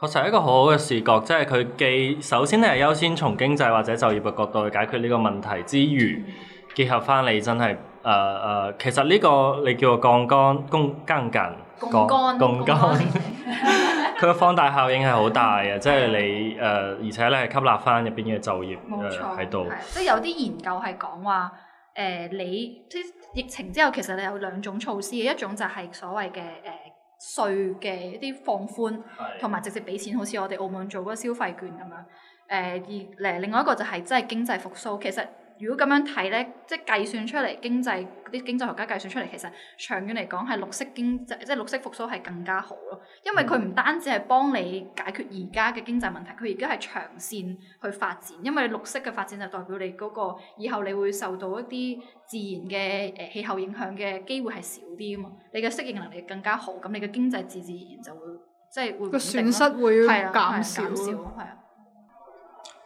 確實係一個好好嘅視角，即係佢既首先咧係優先從經濟或者就業嘅角度去解決呢個問題之餘，結、嗯、合翻你真係誒誒，其實呢個你叫做槓桿供更近槓桿槓桿，佢嘅更近 放大效應係好大嘅，即係你誒、呃，而且咧係吸納翻入邊嘅就業冇錯喺度，即係錯有啲研究係講話誒，你即疫情之後，其實你有兩種措施，一種就係所謂嘅誒。呃稅嘅一啲放寬，同埋是的 直接俾錢，好似我哋澳門做嗰個消費券咁樣。誒、呃，而另外一個就係即係經濟復甦，其實。如果咁樣睇呢，即係計算出嚟經濟啲經濟學家計算出嚟，其實長遠嚟講係綠色經濟，即係綠色復甦係更加好咯。因為佢唔單止係幫你解決而家嘅經濟問題，佢而家係長線去發展。因為綠色嘅發展就代表你嗰個以後你會受到一啲自然嘅誒、呃、氣候影響嘅機會係少啲啊嘛。你嘅適應能力更加好，咁你嘅經濟自自然然就會即係會穩定咯，係啊，減少咯，係啊。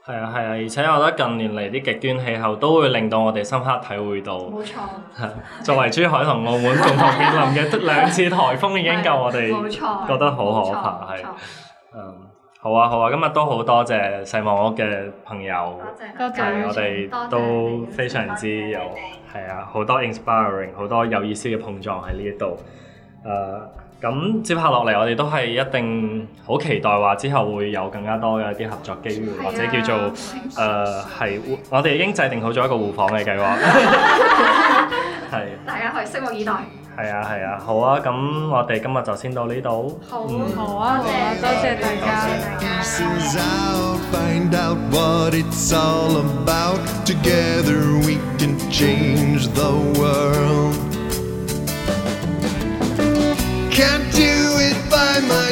係啊係啊，而且我覺得近年嚟啲極端氣候都會令到我哋深刻體會到。冇錯。 作為珠海同澳門共同面臨嘅兩次颱風已經夠我哋覺得好可怕係、啊。好啊好啊，今日都好多謝世望屋嘅朋友，多謝多謝，係我哋都非常之有係啊，好多 inspiring，好多有意思嘅碰撞喺呢一度，誒、uh,。咁接下落嚟，我哋都係一定好期待話，之後會有更加多嘅一啲合作機會，或者叫做誒係，我哋已經制定好咗一個互訪嘅計劃，係。大家可以拭目以待。係啊係啊，好啊！咁我哋今日就先到呢度。好，好啊！多謝大家。